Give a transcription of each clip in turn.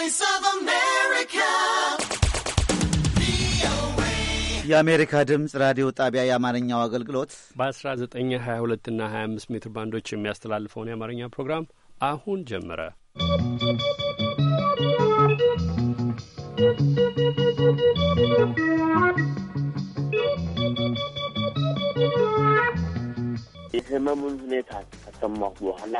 Voice የአሜሪካ ድምፅ ራዲዮ ጣቢያ የአማርኛው አገልግሎት በ1922 እና 25 ሜትር ባንዶች የሚያስተላልፈውን የአማርኛ ፕሮግራም አሁን ጀመረ። የህመሙን ሁኔታ ከሰማሁ በኋላ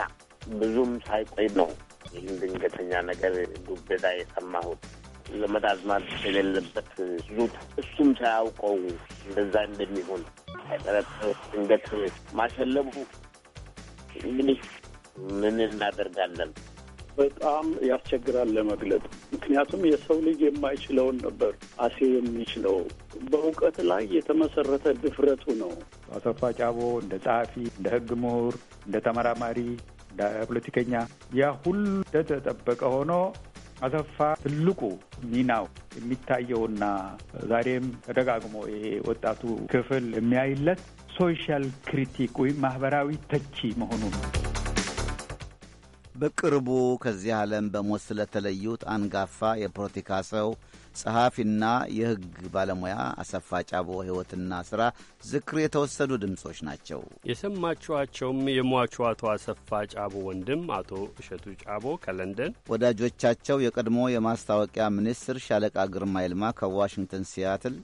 ብዙም ሳይቆይ ነው ይህን ድንገተኛ ነገር ዱቤታ የሰማሁት ዘመድ አዝማድ የሌለበት ዙት እሱም ሳያውቀው እንደዛ እንደሚሆን አይጠረጥር ድንገት ማሸለቡ እንግዲህ ምን እናደርጋለን? በጣም ያስቸግራል ለመግለጥ። ምክንያቱም የሰው ልጅ የማይችለውን ነበር አሴ የሚችለው። በእውቀት ላይ የተመሰረተ ድፍረቱ ነው። አሰፋ ጫቦ እንደ ጸሐፊ፣ እንደ ህግ ምሁር፣ እንደ ተመራማሪ ፖለቲከኛ ያ ሁሉ እንደተጠበቀ ሆኖ አሰፋ ትልቁ ሚናው የሚታየውና ዛሬም ተደጋግሞ ይሄ ወጣቱ ክፍል የሚያይለት ሶሻል ክሪቲክ ወይም ማህበራዊ ተቺ መሆኑ ነው። በቅርቡ ከዚህ ዓለም በሞት ስለተለዩት አንጋፋ የፖለቲካ ሰው ጸሐፊና የሕግ ባለሙያ አሰፋ ጫቦ ሕይወትና ሥራ ዝክር የተወሰዱ ድምፆች ናቸው። የሰማችኋቸውም የሟቹ አቶ አሰፋ ጫቦ ወንድም አቶ እሸቱ ጫቦ ከለንደን ወዳጆቻቸው፣ የቀድሞ የማስታወቂያ ሚኒስትር ሻለቃ ግርማ ይልማ ከዋሽንግተን ሲያትል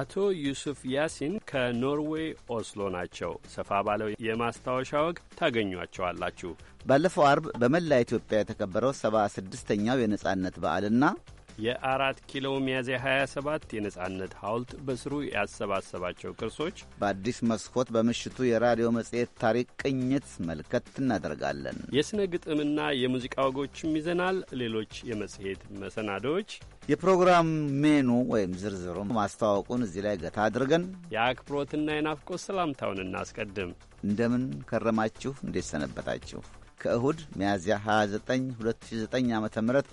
አቶ ዩሱፍ ያሲን ከኖርዌይ ኦስሎ ናቸው። ሰፋ ባለው የማስታወሻ ወግ ታገኟቸዋላችሁ። ባለፈው አርብ በመላ ኢትዮጵያ የተከበረው ሰባ ስድስተኛው የነጻነት በዓልና የአራት ኪሎ ሚያዝያ 27 የነጻነት ሐውልት በስሩ ያሰባሰባቸው ቅርሶች በአዲስ መስኮት በምሽቱ የራዲዮ መጽሔት ታሪክ ቅኝት መልከት እናደርጋለን። የሥነ ግጥምና የሙዚቃ ወጎችም ይዘናል። ሌሎች የመጽሔት መሰናዶዎች የፕሮግራም ሜኑ ወይም ዝርዝሩ ማስተዋወቁን እዚህ ላይ ገታ አድርገን የአክብሮትና የናፍቆት ሰላምታውን እናስቀድም። እንደምን ከረማችሁ? እንዴት ሰነበታችሁ? ከእሁድ ሚያዝያ 29 2009 ዓ ም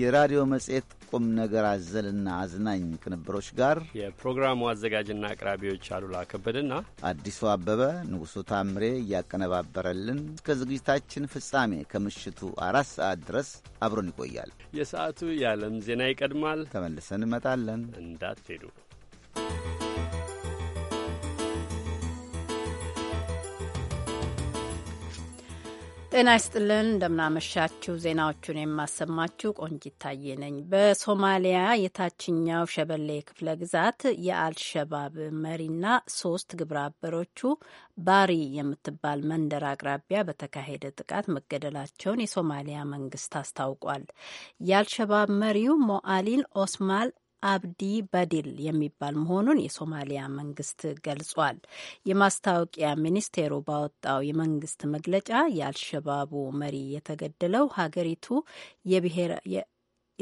የራዲዮ መጽሔት ቁም ነገር አዘልና አዝናኝ ቅንብሮች ጋር የፕሮግራሙ አዘጋጅና አቅራቢዎች አሉላ ከበድና አዲሱ አበበ ንጉሡ ታምሬ እያቀነባበረልን እስከ ዝግጅታችን ፍጻሜ ከምሽቱ አራት ሰዓት ድረስ አብሮን ይቆያል። የሰዓቱ የዓለም ዜና ይቀድማል። ተመልሰን እንመጣለን። እንዳትሄዱ። ጤና ይስጥልን እንደምናመሻችሁ። ዜናዎቹን የማሰማችሁ ቆንጂት ታዬ ነኝ። በሶማሊያ የታችኛው ሸበሌ ክፍለ ግዛት የአልሸባብ መሪና ሶስት ግብረ አበሮቹ ባሪ የምትባል መንደር አቅራቢያ በተካሄደ ጥቃት መገደላቸውን የሶማሊያ መንግስት አስታውቋል። የአልሸባብ መሪው ሞአሊን ኦስማል አብዲ በዲል የሚባል መሆኑን የሶማሊያ መንግስት ገልጿል። የማስታወቂያ ሚኒስቴሩ ባወጣው የመንግስት መግለጫ የአልሸባቡ መሪ የተገደለው ሀገሪቱ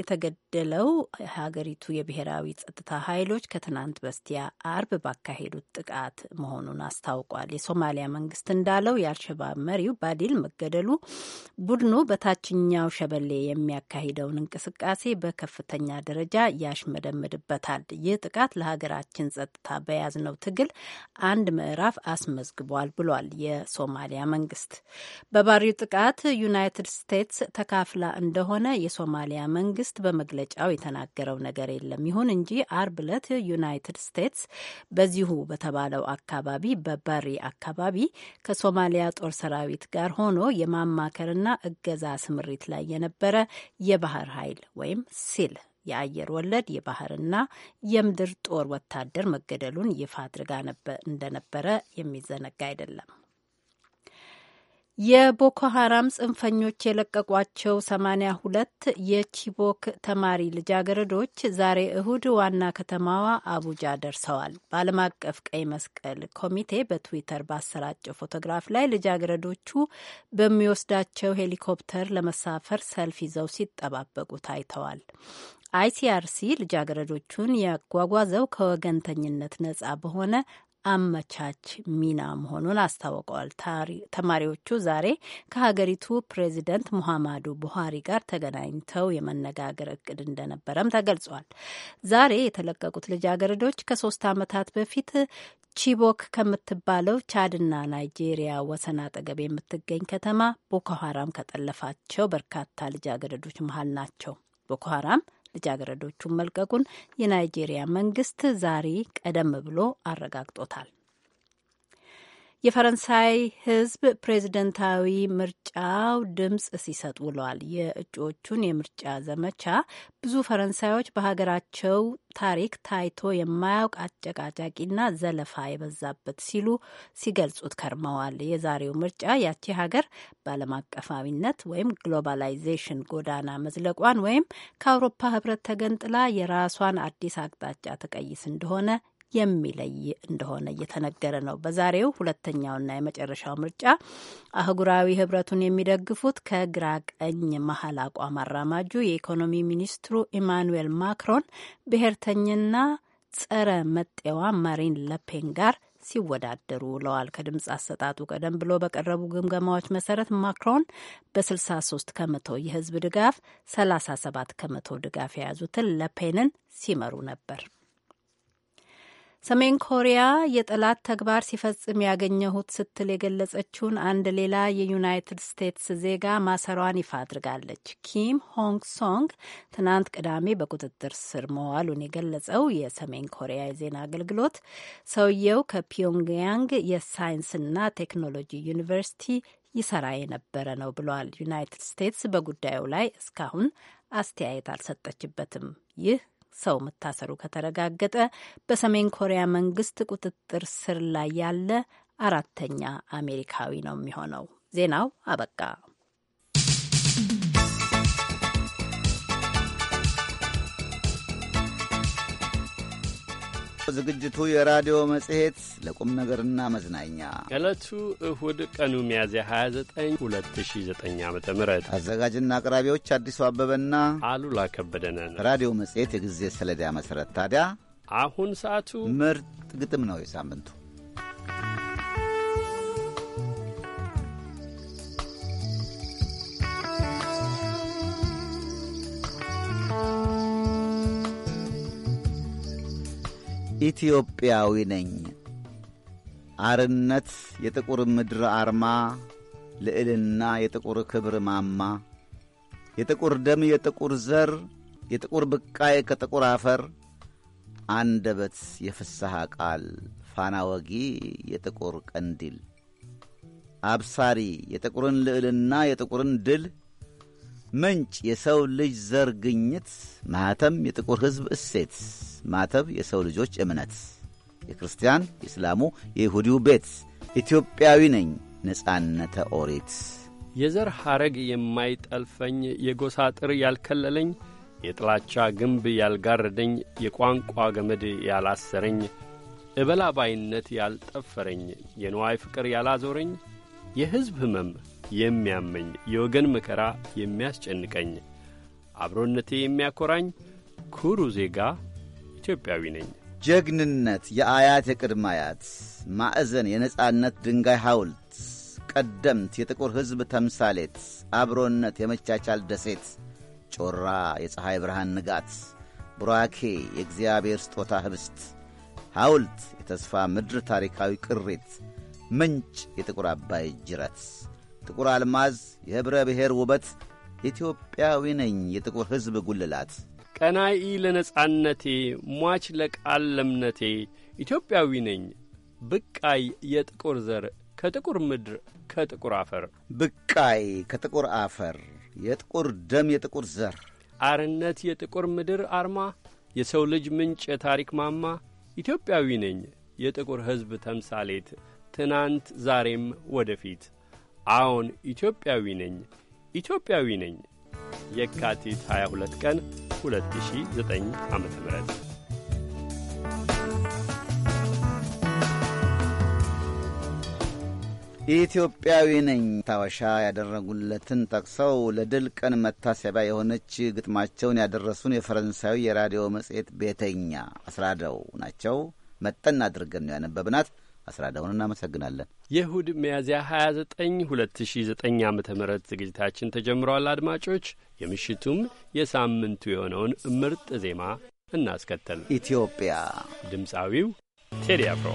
የተገደለው የሀገሪቱ የብሔራዊ ጸጥታ ኃይሎች ከትናንት በስቲያ አርብ ባካሄዱት ጥቃት መሆኑን አስታውቋል። የሶማሊያ መንግስት እንዳለው የአልሸባብ መሪው ባዲል መገደሉ ቡድኑ በታችኛው ሸበሌ የሚያካሂደውን እንቅስቃሴ በከፍተኛ ደረጃ ያሽመደምድበታል። ይህ ጥቃት ለሀገራችን ጸጥታ በያዝነው ትግል አንድ ምዕራፍ አስመዝግቧል ብሏል የሶማሊያ መንግስት። በባሪው ጥቃት ዩናይትድ ስቴትስ ተካፍላ እንደሆነ የሶማሊያ መንግስት መንግስት በመግለጫው የተናገረው ነገር የለም። ይሁን እንጂ አርብ ዕለት ዩናይትድ ስቴትስ በዚሁ በተባለው አካባቢ በባሪ አካባቢ ከሶማሊያ ጦር ሰራዊት ጋር ሆኖ የማማከርና እገዛ ስምሪት ላይ የነበረ የባህር ኃይል ወይም ሲል የአየር ወለድ የባህርና የምድር ጦር ወታደር መገደሉን ይፋ አድርጋ እንደነበረ የሚዘነጋ አይደለም። የቦኮ ሀራም ጽንፈኞች የለቀቋቸው ሰማኒያ ሁለት የቺቦክ ተማሪ ልጃገረዶች ዛሬ እሁድ ዋና ከተማዋ አቡጃ ደርሰዋል። በዓለም አቀፍ ቀይ መስቀል ኮሚቴ በትዊተር ባሰራጨው ፎቶግራፍ ላይ ልጃገረዶቹ በሚወስዳቸው ሄሊኮፕተር ለመሳፈር ሰልፍ ይዘው ሲጠባበቁ ታይተዋል። አይሲአርሲ ልጃገረዶቹን ያጓጓዘው ከወገንተኝነት ነጻ በሆነ አመቻች ሚና መሆኑን አስታውቀዋል። ተማሪዎቹ ዛሬ ከሀገሪቱ ፕሬዚደንት ሙሐማዱ ቡሃሪ ጋር ተገናኝተው የመነጋገር እቅድ እንደነበረም ተገልጿል። ዛሬ የተለቀቁት ልጃገረዶች ከሶስት ዓመታት በፊት ቺቦክ ከምትባለው ቻድና ናይጄሪያ ወሰን አጠገብ የምትገኝ ከተማ ቦኮ ሀራም ከጠለፋቸው በርካታ ልጃገረዶች መሀል ናቸው። ቦኮ ሀራም ልጃገረዶቹን መልቀቁን የናይጄሪያ መንግስት ዛሬ ቀደም ብሎ አረጋግጦታል። የፈረንሳይ ሕዝብ ፕሬዝደንታዊ ምርጫው ድምፅ ሲሰጥ ውሏል። የእጩዎቹን የምርጫ ዘመቻ ብዙ ፈረንሳዮች በሀገራቸው ታሪክ ታይቶ የማያውቅ አጨቃጫቂና ዘለፋ የበዛበት ሲሉ ሲገልጹት ከርመዋል። የዛሬው ምርጫ ያቺ ሀገር በዓለም አቀፋዊነት ወይም ግሎባላይዜሽን ጎዳና መዝለቋን ወይም ከአውሮፓ ህብረት ተገንጥላ የራሷን አዲስ አቅጣጫ ትቀይስ እንደሆነ የሚለይ እንደሆነ እየተነገረ ነው። በዛሬው ሁለተኛውና የመጨረሻው ምርጫ አህጉራዊ ህብረቱን የሚደግፉት ከግራ ቀኝ መሀል አቋም አራማጁ የኢኮኖሚ ሚኒስትሩ ኢማኑዌል ማክሮን ብሔርተኝና ጸረ መጤዋ ማሪን ለፔን ጋር ሲወዳደሩ ውለዋል። ከድምፅ አሰጣጡ ቀደም ብሎ በቀረቡ ግምገማዎች መሰረት ማክሮን በ63 ከመቶ የህዝብ ድጋፍ 37 ከመቶ ድጋፍ የያዙትን ለፔንን ሲመሩ ነበር። ሰሜን ኮሪያ የጠላት ተግባር ሲፈጽም ያገኘሁት ስትል የገለጸችውን አንድ ሌላ የዩናይትድ ስቴትስ ዜጋ ማሰሯን ይፋ አድርጋለች። ኪም ሆንግ ሶንግ ትናንት ቅዳሜ በቁጥጥር ስር መዋሉን የገለጸው የሰሜን ኮሪያ የዜና አገልግሎት ሰውየው ከፒዮንግያንግ የሳይንስና ቴክኖሎጂ ዩኒቨርሲቲ ይሰራ የነበረ ነው ብሏል። ዩናይትድ ስቴትስ በጉዳዩ ላይ እስካሁን አስተያየት አልሰጠችበትም። ይህ ሰው መታሰሩ ከተረጋገጠ በሰሜን ኮሪያ መንግስት ቁጥጥር ስር ላይ ያለ አራተኛ አሜሪካዊ ነው የሚሆነው። ዜናው አበቃ። ዝግጅቱ የራዲዮ መጽሔት ለቁም ነገርና መዝናኛ ዕለቱ እሁድ ቀኑ ሚያዝያ 29 2009 ዓ ም አዘጋጅና አቅራቢዎች አዲሱ አበበና አሉላ ከበደነን ራዲዮ መጽሔት የጊዜ ሰሌዳ መሠረት ታዲያ አሁን ሰዓቱ ምርጥ ግጥም ነው የሳምንቱ ኢትዮጵያዊ ነኝ። አርነት የጥቁር ምድር አርማ፣ ልዕልና የጥቁር ክብር ማማ፣ የጥቁር ደም የጥቁር ዘር፣ የጥቁር ብቃይ ከጥቁር አፈር፣ አንደበት የፍስሐ ቃል፣ ፋና ወጊ የጥቁር ቀንዲል፣ አብሳሪ የጥቁርን ልዕልና የጥቁርን ድል ምንጭ የሰው ልጅ ዘር ግኝት፣ ማኅተም የጥቁር ሕዝብ እሴት፣ ማተብ የሰው ልጆች እምነት፣ የክርስቲያን የእስላሙ፣ የይሁዲው ቤት ኢትዮጵያዊ ነኝ ነጻነተ ኦሪት የዘር ሐረግ የማይጠልፈኝ የጎሳ ጥር ያልከለለኝ የጥላቻ ግንብ ያልጋረደኝ የቋንቋ ገመድ ያላሰረኝ እበላባይነት ያልጠፈረኝ የንዋይ ፍቅር ያላዞረኝ የሕዝብ ሕመም የሚያመኝ የወገን መከራ የሚያስጨንቀኝ አብሮነቴ የሚያኮራኝ ኩሩ ዜጋ ኢትዮጵያዊ ነኝ። ጀግንነት የአያት የቅድመ አያት ማዕዘን የነጻነት ድንጋይ ሐውልት ቀደምት የጥቁር ሕዝብ ተምሳሌት አብሮነት የመቻቻል ደሴት ጮራ የፀሐይ ብርሃን ንጋት ቡራኬ የእግዚአብሔር ስጦታ ኅብስት ሐውልት የተስፋ ምድር ታሪካዊ ቅሪት ምንጭ የጥቁር አባይ ጅረት ጥቁር አልማዝ፣ የኅብረ ብሔር ውበት፣ ኢትዮጵያዊ ነኝ የጥቁር ሕዝብ ጉልላት፣ ቀናኢ ለነጻነቴ፣ ሟች ለቃል ለምነቴ፣ ኢትዮጵያዊ ነኝ ብቃይ የጥቁር ዘር ከጥቁር ምድር ከጥቁር አፈር ብቃይ ከጥቁር አፈር የጥቁር ደም የጥቁር ዘር አርነት የጥቁር ምድር አርማ የሰው ልጅ ምንጭ የታሪክ ማማ ኢትዮጵያዊ ነኝ የጥቁር ሕዝብ ተምሳሌት ትናንት ዛሬም ወደፊት አዎን ኢትዮጵያዊ ነኝ፣ ኢትዮጵያዊ ነኝ። የካቲት 22 ቀን 2009 ዓ ም ኢትዮጵያዊ ነኝ ታወሻ ያደረጉለትን ጠቅሰው ለድል ቀን መታሰቢያ የሆነች ግጥማቸውን ያደረሱን የፈረንሳዊ የራዲዮ መጽሔት ቤተኛ አስራደው ናቸው። መጠን አድርገን ነው ያነበብናት። አስራዳውን እናመሰግናለን። የእሁድ ሚያዝያ 29 2009 ዓ ም ዝግጅታችን ተጀምሯል። አድማጮች የምሽቱም የሳምንቱ የሆነውን ምርጥ ዜማ እናስከተል። ኢትዮጵያ ድምፃዊው ቴዲ አፍሮ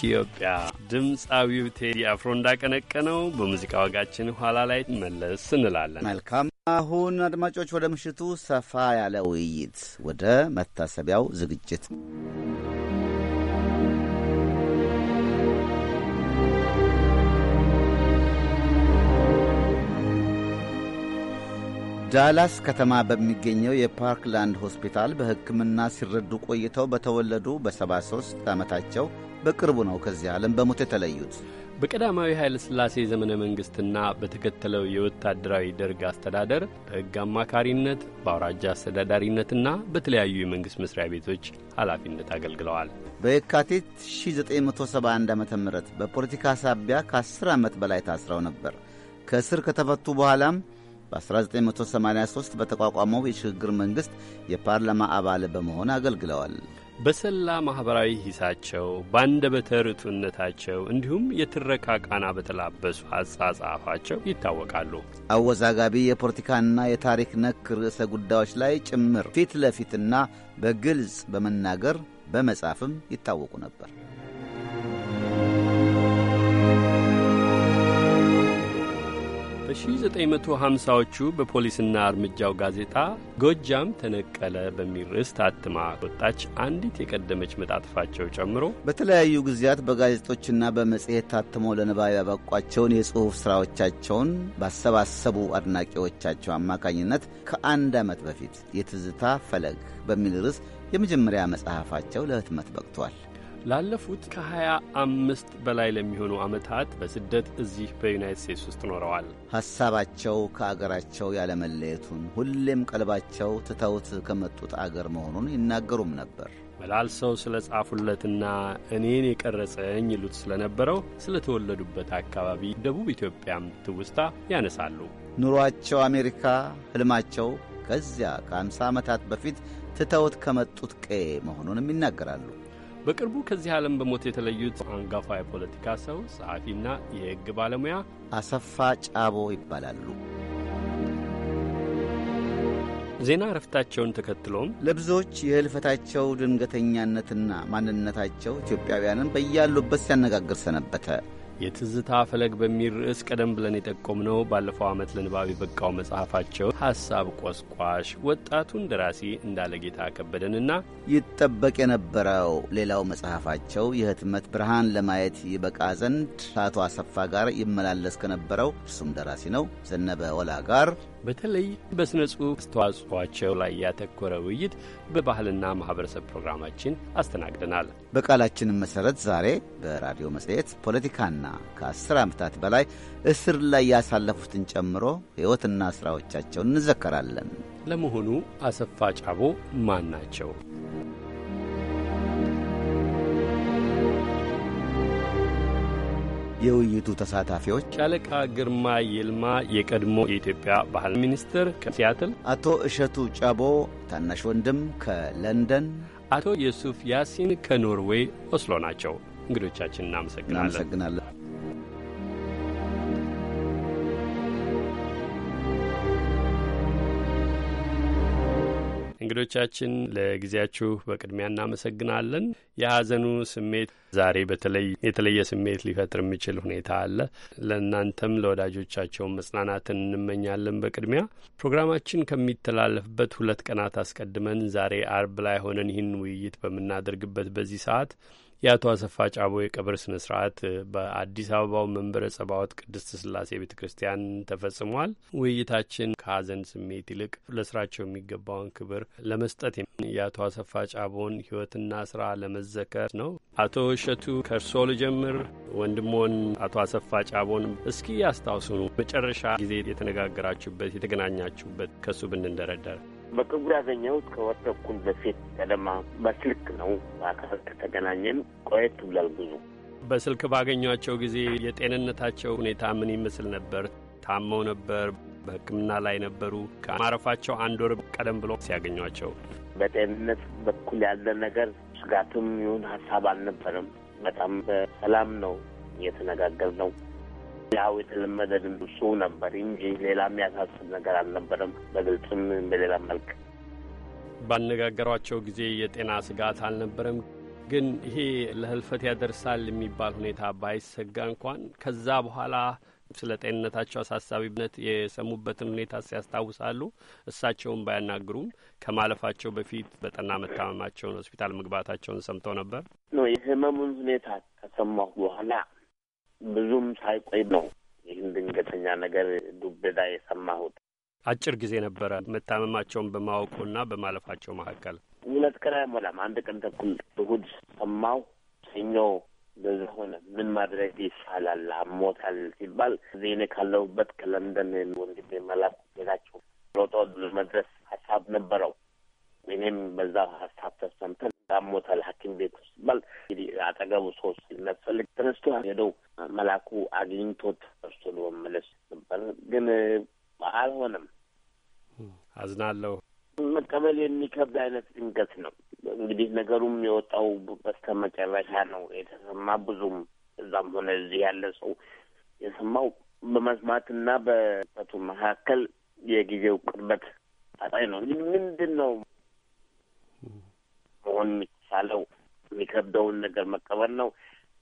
ኢትዮጵያ ድምፃዊው ቴዲ አፍሮ እንዳቀነቀነው በሙዚቃ ወጋችን ኋላ ላይ መለስ እንላለን። መልካም። አሁን አድማጮች ወደ ምሽቱ ሰፋ ያለ ውይይት ወደ መታሰቢያው ዝግጅት ዳላስ ከተማ በሚገኘው የፓርክላንድ ሆስፒታል በሕክምና ሲረዱ ቆይተው በተወለዱ በ73 ዓመታቸው በቅርቡ ነው ከዚህ ዓለም በሞት የተለዩት። በቀዳማዊ ኃይለ ሥላሴ ዘመነ መንግሥትና በተከተለው የወታደራዊ ደርግ አስተዳደር በሕግ አማካሪነት በአውራጃ አስተዳዳሪነትና በተለያዩ የመንግሥት መስሪያ ቤቶች ኃላፊነት አገልግለዋል። በየካቲት 1971 ዓ ም በፖለቲካ ሳቢያ ከ10 ዓመት በላይ ታስረው ነበር። ከእስር ከተፈቱ በኋላም በ1983 በተቋቋመው የሽግግር መንግሥት የፓርላማ አባል በመሆን አገልግለዋል። በሰላ ማኅበራዊ ሂሳቸው በአንደበተ ርቱዕነታቸው እንዲሁም የትረካ ቃና በተላበሱ አጻጻፋቸው ይታወቃሉ። አወዛጋቢ የፖለቲካና የታሪክ ነክ ርዕሰ ጉዳዮች ላይ ጭምር ፊት ለፊትና በግልጽ በመናገር በመጻፍም ይታወቁ ነበር። በ1950ዎቹ በፖሊስና እርምጃው ጋዜጣ ጎጃም ተነቀለ በሚል ርዕስ ታትማ ወጣች። አንዲት የቀደመች መጣጥፋቸው ጨምሮ በተለያዩ ጊዜያት በጋዜጦችና በመጽሔት ታትመው ለንባብ ያበቋቸውን የጽሑፍ ሥራዎቻቸውን ባሰባሰቡ አድናቂዎቻቸው አማካኝነት ከአንድ ዓመት በፊት የትዝታ ፈለግ በሚል ርዕስ የመጀመሪያ መጽሐፋቸው ለህትመት በቅቷል። ላለፉት ከሀያ አምስት በላይ ለሚሆኑ ዓመታት በስደት እዚህ በዩናይት ስቴትስ ውስጥ ኖረዋል። ሐሳባቸው ከአገራቸው ያለመለየቱን ሁሌም ቀልባቸው ትተውት ከመጡት አገር መሆኑን ይናገሩም ነበር። ሰው ስለ ጻፉለትና እኔን የቀረጸኝ ይሉት ስለነበረው ስለ ተወለዱበት አካባቢ ደቡብ ኢትዮጵያም ትውስታ ያነሳሉ። ኑሯቸው አሜሪካ፣ ሕልማቸው ከዚያ ከአምሳ ዓመታት በፊት ትተውት ከመጡት ቀዬ መሆኑንም ይናገራሉ። በቅርቡ ከዚህ ዓለም በሞት የተለዩት አንጋፋ የፖለቲካ ሰው ጸሐፊና የሕግ ባለሙያ አሰፋ ጫቦ ይባላሉ። ዜና እረፍታቸውን ተከትሎም ለብዙዎች የህልፈታቸው ድንገተኛነትና ማንነታቸው ኢትዮጵያውያንን በያሉበት ሲያነጋግር ሰነበተ። የትዝታ ፈለግ በሚል ርዕስ ቀደም ብለን የጠቆምነው ባለፈው ዓመት ለንባብ የበቃው መጽሐፋቸው ሀሳብ ቆስቋሽ ወጣቱን ደራሲ እንዳለጌታ ከበደንና ይጠበቅ የነበረው ሌላው መጽሐፋቸው የህትመት ብርሃን ለማየት ይበቃ ዘንድ ከአቶ አሰፋ ጋር ይመላለስ ከነበረው እርሱም ደራሲ ነው ዘነበ ወላ ጋር በተለይ በሥነ ጽሑፍ አስተዋጽኦአቸው ላይ ያተኮረ ውይይት በባህልና ማኅበረሰብ ፕሮግራማችን አስተናግደናል። በቃላችንም መሠረት ዛሬ በራዲዮ መጽሔት ፖለቲካና ከአስር ዓመታት በላይ እስር ላይ ያሳለፉትን ጨምሮ ሕይወትና ሥራዎቻቸውን እንዘከራለን። ለመሆኑ አሰፋ ጫቦ ማን ናቸው? የውይይቱ ተሳታፊዎች ሻለቃ ግርማ ይልማ የቀድሞ የኢትዮጵያ ባህል ሚኒስትር ከሲያትል፣ አቶ እሸቱ ጨቦ ታናሽ ወንድም ከለንደን፣ አቶ የሱፍ ያሲን ከኖርዌይ ኦስሎ ናቸው። እንግዶቻችን እናመሰግናለን። እንግዶቻችን ለጊዜያችሁ በቅድሚያ እናመሰግናለን። የሀዘኑ ስሜት ዛሬ በተለይ የተለየ ስሜት ሊፈጥር የሚችል ሁኔታ አለ። ለእናንተም ለወዳጆቻቸውን መጽናናትን እንመኛለን። በቅድሚያ ፕሮግራማችን ከሚተላለፍበት ሁለት ቀናት አስቀድመን ዛሬ አርብ ላይ ሆነን ይህን ውይይት በምናደርግበት በዚህ ሰዓት የአቶ አሰፋ ጫቦ የቀብር ስነ ስርዓት በአዲስ አበባው መንበረ ጸባዖት ቅድስት ስላሴ ቤተ ክርስቲያን ተፈጽሟል። ውይይታችን ከሀዘን ስሜት ይልቅ ለስራቸው የሚገባውን ክብር ለመስጠት የአቶ አሰፋ ጫቦን ህይወትና ስራ ለመዘከር ነው። አቶ እሸቱ ከእርሶ ልጀምር። ወንድሞን አቶ አሰፋ ጫቦን እስኪ ያስታውሱኑ፣ መጨረሻ ጊዜ የተነጋገራችሁበት የተገናኛችሁበት ከሱ ብንደረደር በቅርቡ ያገኘሁት ከወር ተኩል በፊት ቀደማ በስልክ ነው። በአካል ከተገናኘን ቆየት ብሏል ብዙ። በስልክ ባገኟቸው ጊዜ የጤንነታቸው ሁኔታ ምን ይመስል ነበር? ታመው ነበር? በሕክምና ላይ ነበሩ? ከማረፋቸው አንድ ወር ቀደም ብሎ ሲያገኟቸው በጤንነት በኩል ያለ ነገር ስጋትም ይሁን ሀሳብ አልነበረም። በጣም በሰላም ነው እየተነጋገር ነው ያው የተለመደ ድምፁ ነበር እንጂ ሌላ የሚያሳስብ ነገር አልነበረም። በግልጽም በሌላ መልክ ባነጋገሯቸው ጊዜ የጤና ስጋት አልነበረም። ግን ይሄ ለህልፈት ያደርሳል የሚባል ሁኔታ ባይሰጋ እንኳን ከዛ በኋላ ስለ ጤንነታቸው አሳሳቢነት የሰሙበትን ሁኔታ ሲያስታውሳሉ እሳቸውን ባያናግሩም ከማለፋቸው በፊት በጠና መታመማቸውን ሆስፒታል መግባታቸውን ሰምተው ነበር ነው የህመሙን ሁኔታ ከሰማሁ በኋላ ብዙም ሳይቆይ ነው ይህን ድንገተኛ ነገር ዱብዳ የሰማሁት። አጭር ጊዜ ነበረ መታመማቸውን በማወቁና በማለፋቸው መካከል ሁለት ቀን አይሞላም፣ አንድ ቀን ተኩል እሁድ ሰማሁ። ሰኞ በዛ ሆነ። ምን ማድረግ ይቻላል? አሞታል ሲባል እዚህ ካለሁበት ከለንደን ወንድሜ መላኩ ቤታቸው ሮጦ መድረስ ሀሳብ ነበረው እኔም በዛ ሀሳብ ተሰምተን ዳሞተል ሐኪም ቤት ውስጥ እንግዲህ አጠገቡ ሶስት ስለሚያስፈልግ ተነስቶ ሄደው መላኩ አግኝቶት እርሱ ለመመለስ ነበር፣ ግን አልሆነም። አዝናለሁ። መቀበል የሚከብድ አይነት ድንገት ነው። እንግዲህ ነገሩም የወጣው በስተ መጨረሻ ነው የተሰማ። ብዙም እዛም ሆነ እዚህ ያለ ሰው የሰማው በመስማትና መካከል የጊዜው ቅርበት አጣኝ ነው። ምንድን ነው መሆን የሚቻለው የሚከብደውን ነገር መቀበል ነው።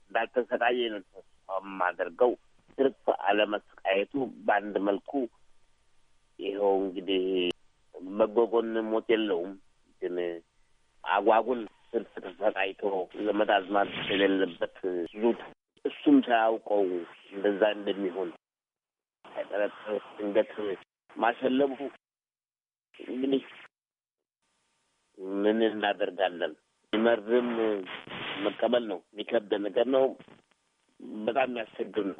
እንዳልተሰቃየ ነው ተስፋ የማደርገው። ትርፍ አለመሰቃየቱ በአንድ መልኩ ይኸው እንግዲህ መጎጎን ሞት የለውም ግን አጓጉል ትርፍ ተሰቃይቶ ዘመድ አዝማድ የሌለበት ዙት እሱም ሳያውቀው እንደዛ እንደሚሆን ሳይጠረጥር ድንገት ማሸለቡ እንግዲህ ምን እናደርጋለን? ሊመርም መቀበል ነው የሚከብድ ነገር ነው። በጣም የሚያስቸግር ነው።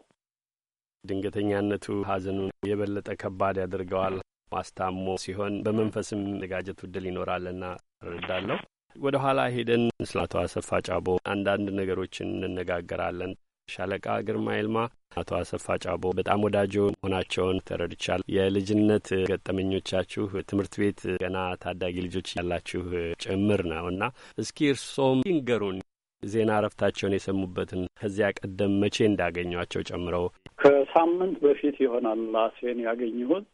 ድንገተኛነቱ ሀዘኑን የበለጠ ከባድ ያደርገዋል። ማስታሞ ሲሆን በመንፈስም መዘጋጀቱ ውድል ይኖራልና እረዳለሁ። ወደ ኋላ ሄደን ስለ አቶ አሰፋ ጫቦ አንዳንድ ነገሮችን እንነጋገራለን። ሻለቃ ግርማ ይልማ፣ አቶ አሰፋ ጫቦ በጣም ወዳጆ መሆናቸውን ተረድቻል። የልጅነት ገጠመኞቻችሁ ትምህርት ቤት ገና ታዳጊ ልጆች ያላችሁ ጭምር ነው እና እስኪ እርሶም ይንገሩን ዜና እረፍታቸውን የሰሙበትን ከዚያ ቀደም መቼ እንዳገኟቸው ጨምረው። ከሳምንት በፊት ይሆናል አሴን ያገኘሁት።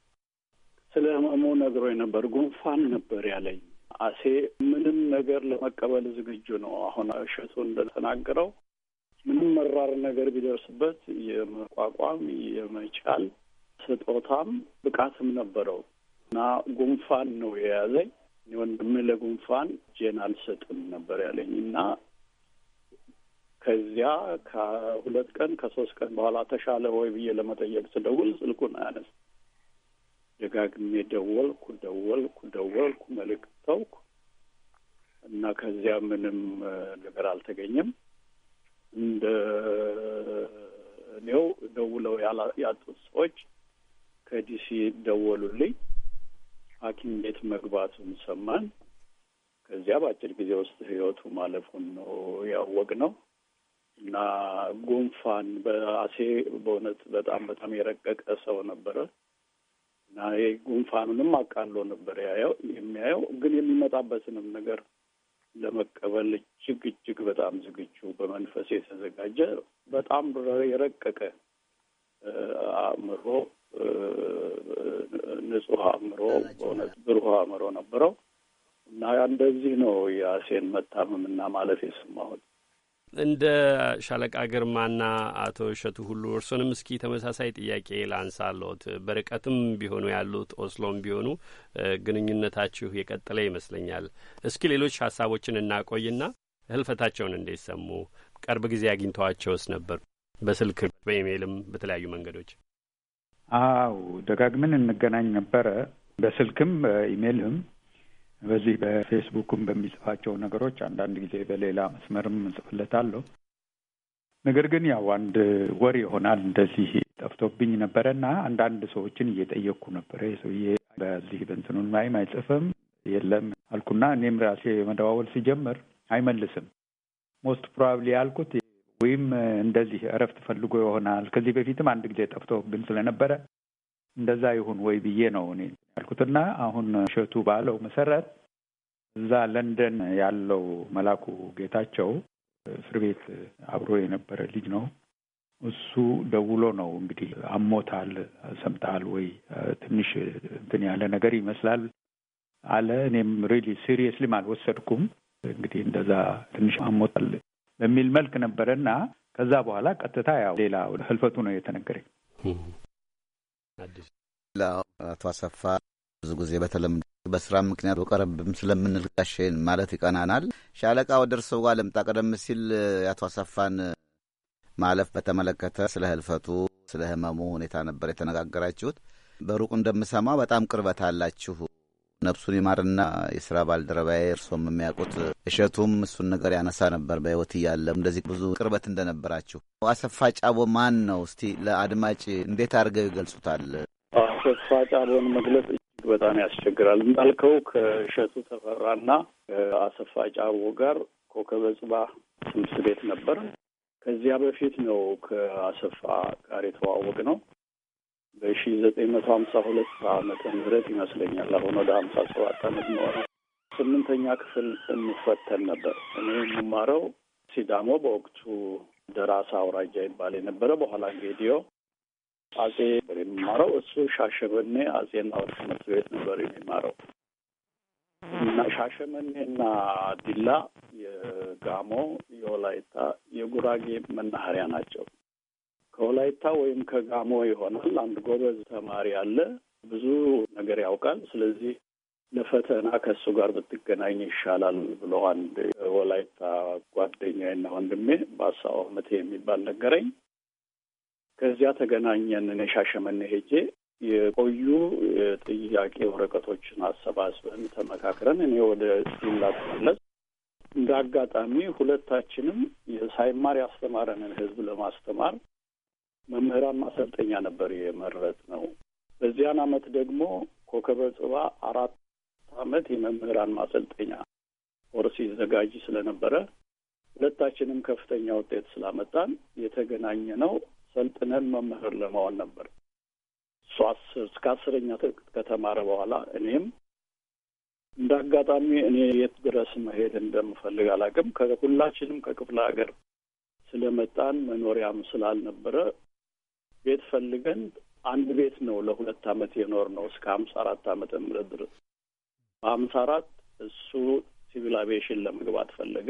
ስለ ህመሙ ነግሮ ነበር። ጉንፋን ነበር ያለኝ አሴ ምንም ነገር ለመቀበል ዝግጁ ነው። አሁን እሸቱ እንደተናገረው ምንም መራር ነገር ቢደርስበት የመቋቋም የመቻል ስጦታም ብቃትም ነበረው እና ጉንፋን ነው የያዘኝ። ወንድም ለጉንፋን እጄን አልሰጥም ነበር ያለኝ እና ከዚያ ከሁለት ቀን ከሶስት ቀን በኋላ ተሻለ ወይ ብዬ ለመጠየቅ ስደውል ስልኩን አያነስ። ደጋግሜ ደወልኩ ደወልኩ ደወልኩ መልእክት ተውኩ እና ከዚያ ምንም ነገር አልተገኘም። እንደ እኔው ደውለው ያጡት ሰዎች ከዲሲ ደወሉልኝ። ሐኪም ቤት መግባቱን ሰማን። ከዚያ በአጭር ጊዜ ውስጥ ህይወቱ ማለፉን ነው ነው እና ጉንፋን በአሴ በእውነት በጣም በጣም የረቀቀ ሰው ነበረ እና ጉንፋኑንም አቃሎ ነበር ያየው የሚያየው ግን የሚመጣበትንም ነገር ለመቀበል እጅግ እጅግ በጣም ዝግጁ በመንፈስ የተዘጋጀ በጣም የረቀቀ አእምሮ፣ ንጹህ አእምሮ፣ በእውነት ብሩህ አእምሮ ነበረው እና እንደዚህ ነው የአሴን መታመምና ማለት የሰማሁት። እንደ ሻለቃ ግርማና አቶ እሸቱ ሁሉ እርሶንም እስኪ ተመሳሳይ ጥያቄ ላንሳለሁት። በርቀትም ቢሆኑ ያሉት ኦስሎም ቢሆኑ ግንኙነታችሁ የቀጠለ ይመስለኛል። እስኪ ሌሎች ሀሳቦችን እናቆይና ህልፈታቸውን እንዴት ሰሙ? ቅርብ ጊዜ አግኝተዋቸውስ ነበር? በስልክ በኢሜይልም፣ በተለያዩ መንገዶች? አዎ ደጋግመን እንገናኝ ነበረ፣ በስልክም በኢሜይልም በዚህ በፌስቡክም በሚጽፋቸው ነገሮች አንዳንድ ጊዜ በሌላ መስመርም እጽፍለታለሁ። ነገር ግን ያው አንድ ወር ይሆናል እንደዚህ ጠፍቶብኝ ነበረ እና አንዳንድ ሰዎችን እየጠየቅኩ ነበረ። ሰውዬ በዚህ በንትኑን ላይም አይጽፍም የለም አልኩና እኔም ራሴ መደዋወል ሲጀምር አይመልስም። ሞስት ፕሮባብሊ ያልኩት ወይም እንደዚህ እረፍት ፈልጎ ይሆናል ከዚህ በፊትም አንድ ጊዜ ጠፍቶብን ስለነበረ እንደዛ ይሁን ወይ ብዬ ነው እኔ ያልኩትና አሁን እሸቱ ባለው መሰረት እዛ ለንደን ያለው መላኩ ጌታቸው እስር ቤት አብሮ የነበረ ልጅ ነው። እሱ ደውሎ ነው እንግዲህ አሞታል፣ ሰምተሃል ወይ ትንሽ እንትን ያለ ነገር ይመስላል አለ። እኔም ሪሊ ሲሪየስሊም አልወሰድኩም። እንግዲህ እንደዛ ትንሽ አሞታል በሚል መልክ ነበረና ከዛ በኋላ ቀጥታ ያው ሌላ ህልፈቱ ነው የተነገረኝ። አቶ አሰፋ ብዙ ጊዜ በተለምዶ በስራ ምክንያት ስለምንል ስለምንልጋሽን ማለት ይቀናናል። ሻለቃ ወደ እርስዎ ጋር ልምጣ። ቀደም ሲል የአቶ አሰፋን ማለፍ በተመለከተ ስለ ህልፈቱ፣ ስለ ህመሙ ሁኔታ ነበር የተነጋገራችሁት። በሩቅ እንደምሰማ በጣም ቅርበት አላችሁ። ነፍሱን ይማርና የስራ ባልደረባዬ እርሶም የሚያውቁት እሸቱም እሱን ነገር ያነሳ ነበር። በህይወት እያለ እንደዚህ ብዙ ቅርበት እንደነበራችሁ አሰፋ ጫቦ ማን ነው? እስቲ ለአድማጭ እንዴት አድርገው ይገልጹታል? አሰፋ ጫቦን መግለጽ እጅግ በጣም ያስቸግራል። እንዳልከው ከእሸቱ ተፈራና ከአሰፋ ጫቦ ጋር ኮከበጽባ ትምህርት ቤት ነበር። ከዚያ በፊት ነው ከአሰፋ ጋር የተዋወቅ ነው። በሺ ዘጠኝ መቶ ሀምሳ ሁለት ዓመተ ምህረት ይመስለኛል። አሁን ወደ ሀምሳ ሰባት ዓመት መሆነ ስምንተኛ ክፍል እንፈተን ነበር። እኔ የምማረው ሲዳሞ በወቅቱ ደራሳ አውራጃ ይባል የነበረ በኋላ ጌዲዮ አጼ ነበር የምማረው እሱ ሻሸመኔ አጼና ወርቅ ትምህርት ቤት ነበር የሚማረው እና ሻሸመኔ እና ዲላ የጋሞ የወላይታ የጉራጌ መናኸሪያ ናቸው። ከወላይታ ወይም ከጋሞ ይሆናል። አንድ ጎበዝ ተማሪ አለ፣ ብዙ ነገር ያውቃል። ስለዚህ ለፈተና ከእሱ ጋር ብትገናኝ ይሻላል ብሎ አንድ ወላይታ ጓደኛዬና ወንድሜ በአሳው መቴ የሚባል ነገረኝ። ከዚያ ተገናኘን። እኔ ሻሸመኔ ሄጄ የቆዩ የጥያቄ ወረቀቶችን አሰባስበን ተመካክረን እኔ ወደ ሲላመለስ እንደ አጋጣሚ ሁለታችንም የሳይማር ያስተማረንን ህዝብ ለማስተማር መምህራን ማሰልጠኛ ነበር የመረጥ ነው። በዚያን አመት ደግሞ ኮከበ ጽባ አራት አመት የመምህራን ማሰልጠኛ ኮርስ ይዘጋጅ ስለነበረ ሁለታችንም ከፍተኛ ውጤት ስላመጣን የተገናኘ ነው ሰልጥነን መምህር ለመሆን ነበር። እሱ አስር እስከ አስረኛ ከተማረ በኋላ እኔም እንደ አጋጣሚ እኔ የት ድረስ መሄድ እንደምፈልግ አላውቅም። ከሁላችንም ከክፍለ ሀገር ስለመጣን መኖሪያም ስላልነበረ ቤት ፈልገን አንድ ቤት ነው ለሁለት አመት የኖር ነው እስከ ሀምሳ አራት አመተ ምህረት ድረስ። በሀምሳ አራት እሱ ሲቪል አቪዬሽን ለመግባት ፈለገ።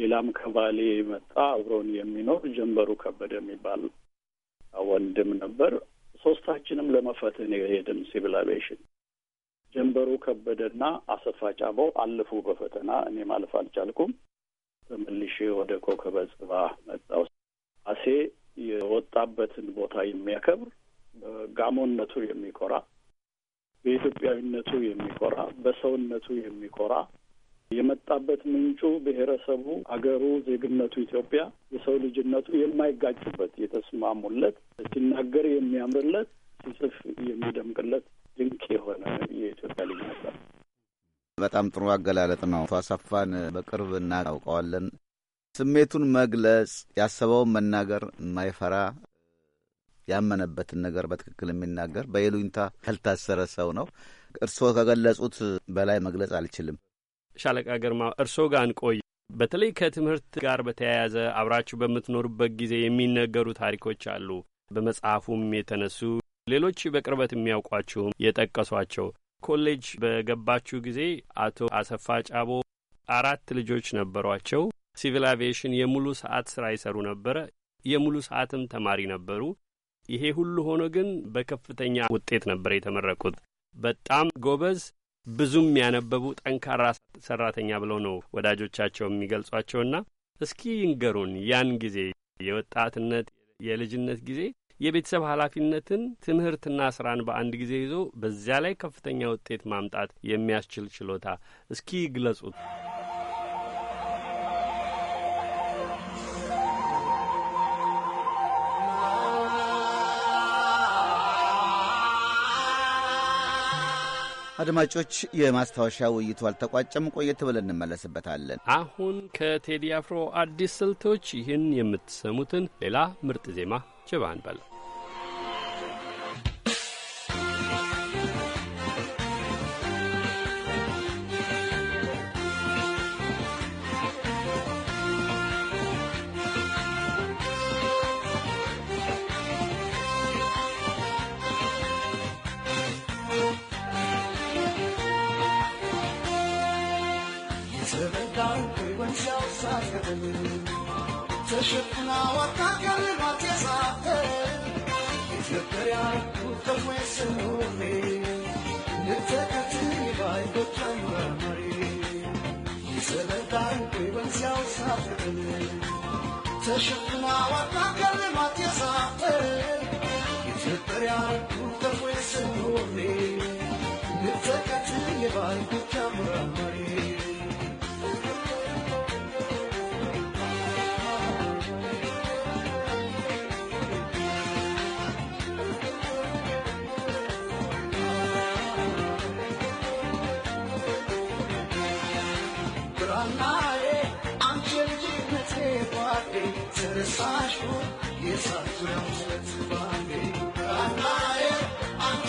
ሌላም ከባሌ መጣ አብሮን የሚኖር ጀንበሩ ከበደ የሚባል ወንድም ነበር። ሶስታችንም ለመፈተን የሄድን ሲቪል አቪዬሽን ጀንበሩ ከበደና አሰፋ ጫቦ አለፉ በፈተና። እኔ ማለፍ አልቻልኩም። ተመልሼ ወደ ኮከበ ጽባ መጣው አሴ የወጣበትን ቦታ የሚያከብር ጋሞነቱ የሚኮራ በኢትዮጵያዊነቱ የሚኮራ በሰውነቱ የሚኮራ የመጣበት ምንጩ ብሔረሰቡ፣ አገሩ፣ ዜግነቱ ኢትዮጵያ የሰው ልጅነቱ የማይጋጭበት የተስማሙለት፣ ሲናገር የሚያምርለት፣ ሲጽፍ የሚደምቅለት ድንቅ የሆነ የኢትዮጵያ ልጅ ነበር። በጣም ጥሩ አገላለጥ ነው። አቶ አሰፋን በቅርብ እናውቀዋለን። ስሜቱን መግለጽ፣ ያሰበውን መናገር የማይፈራ ያመነበትን ነገር በትክክል የሚናገር በይሉኝታ ያልታሰረ ሰው ነው። እርስዎ ከገለጹት በላይ መግለጽ አልችልም። ሻለቃ ግርማ እርስዎ ጋር እንቆይ። በተለይ ከትምህርት ጋር በተያያዘ አብራችሁ በምትኖሩበት ጊዜ የሚነገሩ ታሪኮች አሉ። በመጽሐፉም የተነሱ ሌሎች በቅርበት የሚያውቋችሁም የጠቀሷቸው ኮሌጅ በገባችሁ ጊዜ አቶ አሰፋ ጫቦ አራት ልጆች ነበሯቸው። ሲቪል አቪዬሽን የሙሉ ሰዓት ስራ ይሰሩ ነበረ። የሙሉ ሰዓትም ተማሪ ነበሩ። ይሄ ሁሉ ሆኖ ግን በከፍተኛ ውጤት ነበር የተመረቁት። በጣም ጎበዝ፣ ብዙም ያነበቡ ጠንካራ ሰራተኛ ብለው ነው ወዳጆቻቸው የሚገልጿቸውና እስኪ ይንገሩን ያን ጊዜ የወጣትነት የልጅነት ጊዜ የቤተሰብ ኃላፊነትን ትምህርትና ስራን በአንድ ጊዜ ይዞ በዚያ ላይ ከፍተኛ ውጤት ማምጣት የሚያስችል ችሎታ እስኪ ይግለጹት። አድማጮች፣ የማስታወሻ ውይይቱ አልተቋጨም። ቆየት ብለን እንመለስበታለን። አሁን ከቴዲ አፍሮ አዲስ ስልቶች ይህን የምትሰሙትን ሌላ ምርጥ ዜማ ጀባ عشقنا وتقلبك يا صاحبي يتذكر يا رب وكم يسموني نتكتني بايك وتمرمري يسبت عنك بنسى وصاحبني تشقنا وتقلبك يا صاحبي يتذكر يا رب وكم يسموني نتكتني بايك وتمرمري ተረሳሹ የሳቱረው ባንዴ ራናዬ አንተ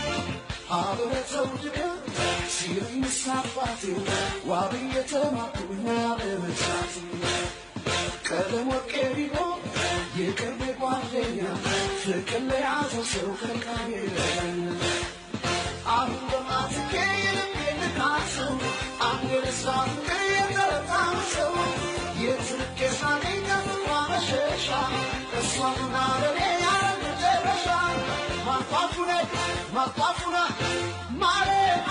አብረ ተውልደ ሲለኝ ምሳፋቴ ዋብዬ ተማኩኝ አለመቻት ቀለም ወርቄ ቢሎ የቅርቤ ጓደኛ ፍቅር ለያዘ ሰው ከቃቤ ለቀን አሁን በማትቄ የልቤ ንቃት አንገለሳ ፍቅር የተረታም ሰው مطلبنا ما عليه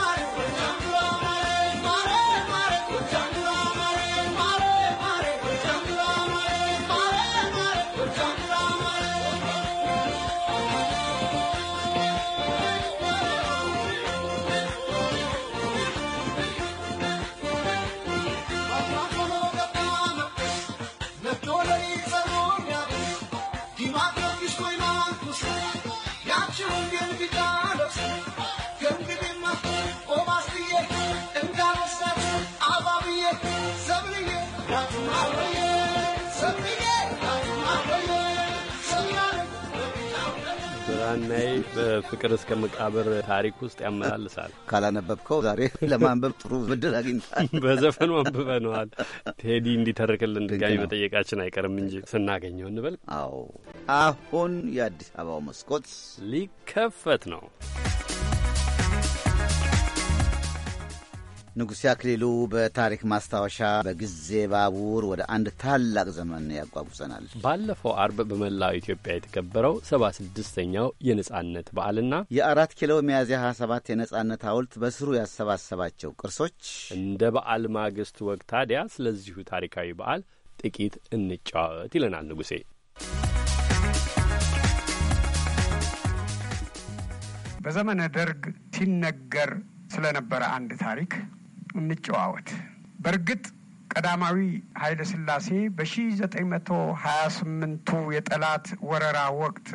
ሳናይ በፍቅር እስከ መቃብር ታሪክ ውስጥ ያመላልሳል። ካላነበብከው ዛሬ ለማንበብ ጥሩ ብድል አግኝታል። በዘፈኑ አንብበነዋል። ቴዲ እንዲተርክልን ድጋሚ መጠየቃችን አይቀርም እንጂ ስናገኘው እንበል። አዎ አሁን የአዲስ አበባው መስኮት ሊከፈት ነው። ንጉሴ አክሊሉ በታሪክ ማስታወሻ በጊዜ ባቡር ወደ አንድ ታላቅ ዘመን ያጓጉዘናል። ባለፈው አርብ በመላው ኢትዮጵያ የተከበረው ሰባ ስድስተኛው የነጻነት በዓልና የአራት ኪሎ ሚያዝያ 27 የነጻነት ሐውልት በስሩ ያሰባሰባቸው ቅርሶች እንደ በዓል ማግስት ወቅት ታዲያ ስለዚሁ ታሪካዊ በዓል ጥቂት እንጫወት ይለናል ንጉሴ። በዘመነ ደርግ ሲነገር ስለነበረ አንድ ታሪክ እንጨዋወት። በእርግጥ ቀዳማዊ ኃይለ ሥላሴ በ 928 የጠላት ወረራ ወቅት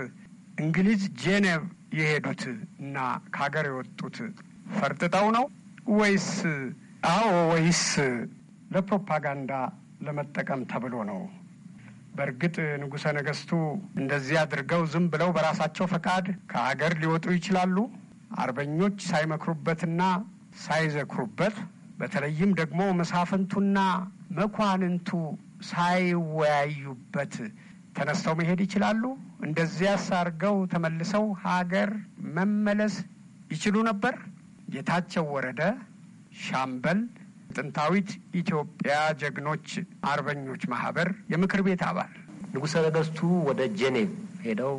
እንግሊዝ ጄኔቭ የሄዱት እና ከሀገር የወጡት ፈርጥጠው ነው ወይስ አዎ ወይስ ለፕሮፓጋንዳ ለመጠቀም ተብሎ ነው? በእርግጥ ንጉሠ ነገሥቱ እንደዚህ አድርገው ዝም ብለው በራሳቸው ፈቃድ ከሀገር ሊወጡ ይችላሉ። አርበኞች ሳይመክሩበትና ሳይዘክሩበት በተለይም ደግሞ መሳፍንቱና መኳንንቱ ሳይወያዩበት ተነስተው መሄድ ይችላሉ። እንደዚያስ አድርገው ተመልሰው ሀገር መመለስ ይችሉ ነበር። ጌታቸው ወረደ ሻምበል፣ ጥንታዊት ኢትዮጵያ ጀግኖች አርበኞች ማህበር የምክር ቤት አባል፣ ንጉሠ ነገሥቱ ወደ ጄኔቭ ሄደው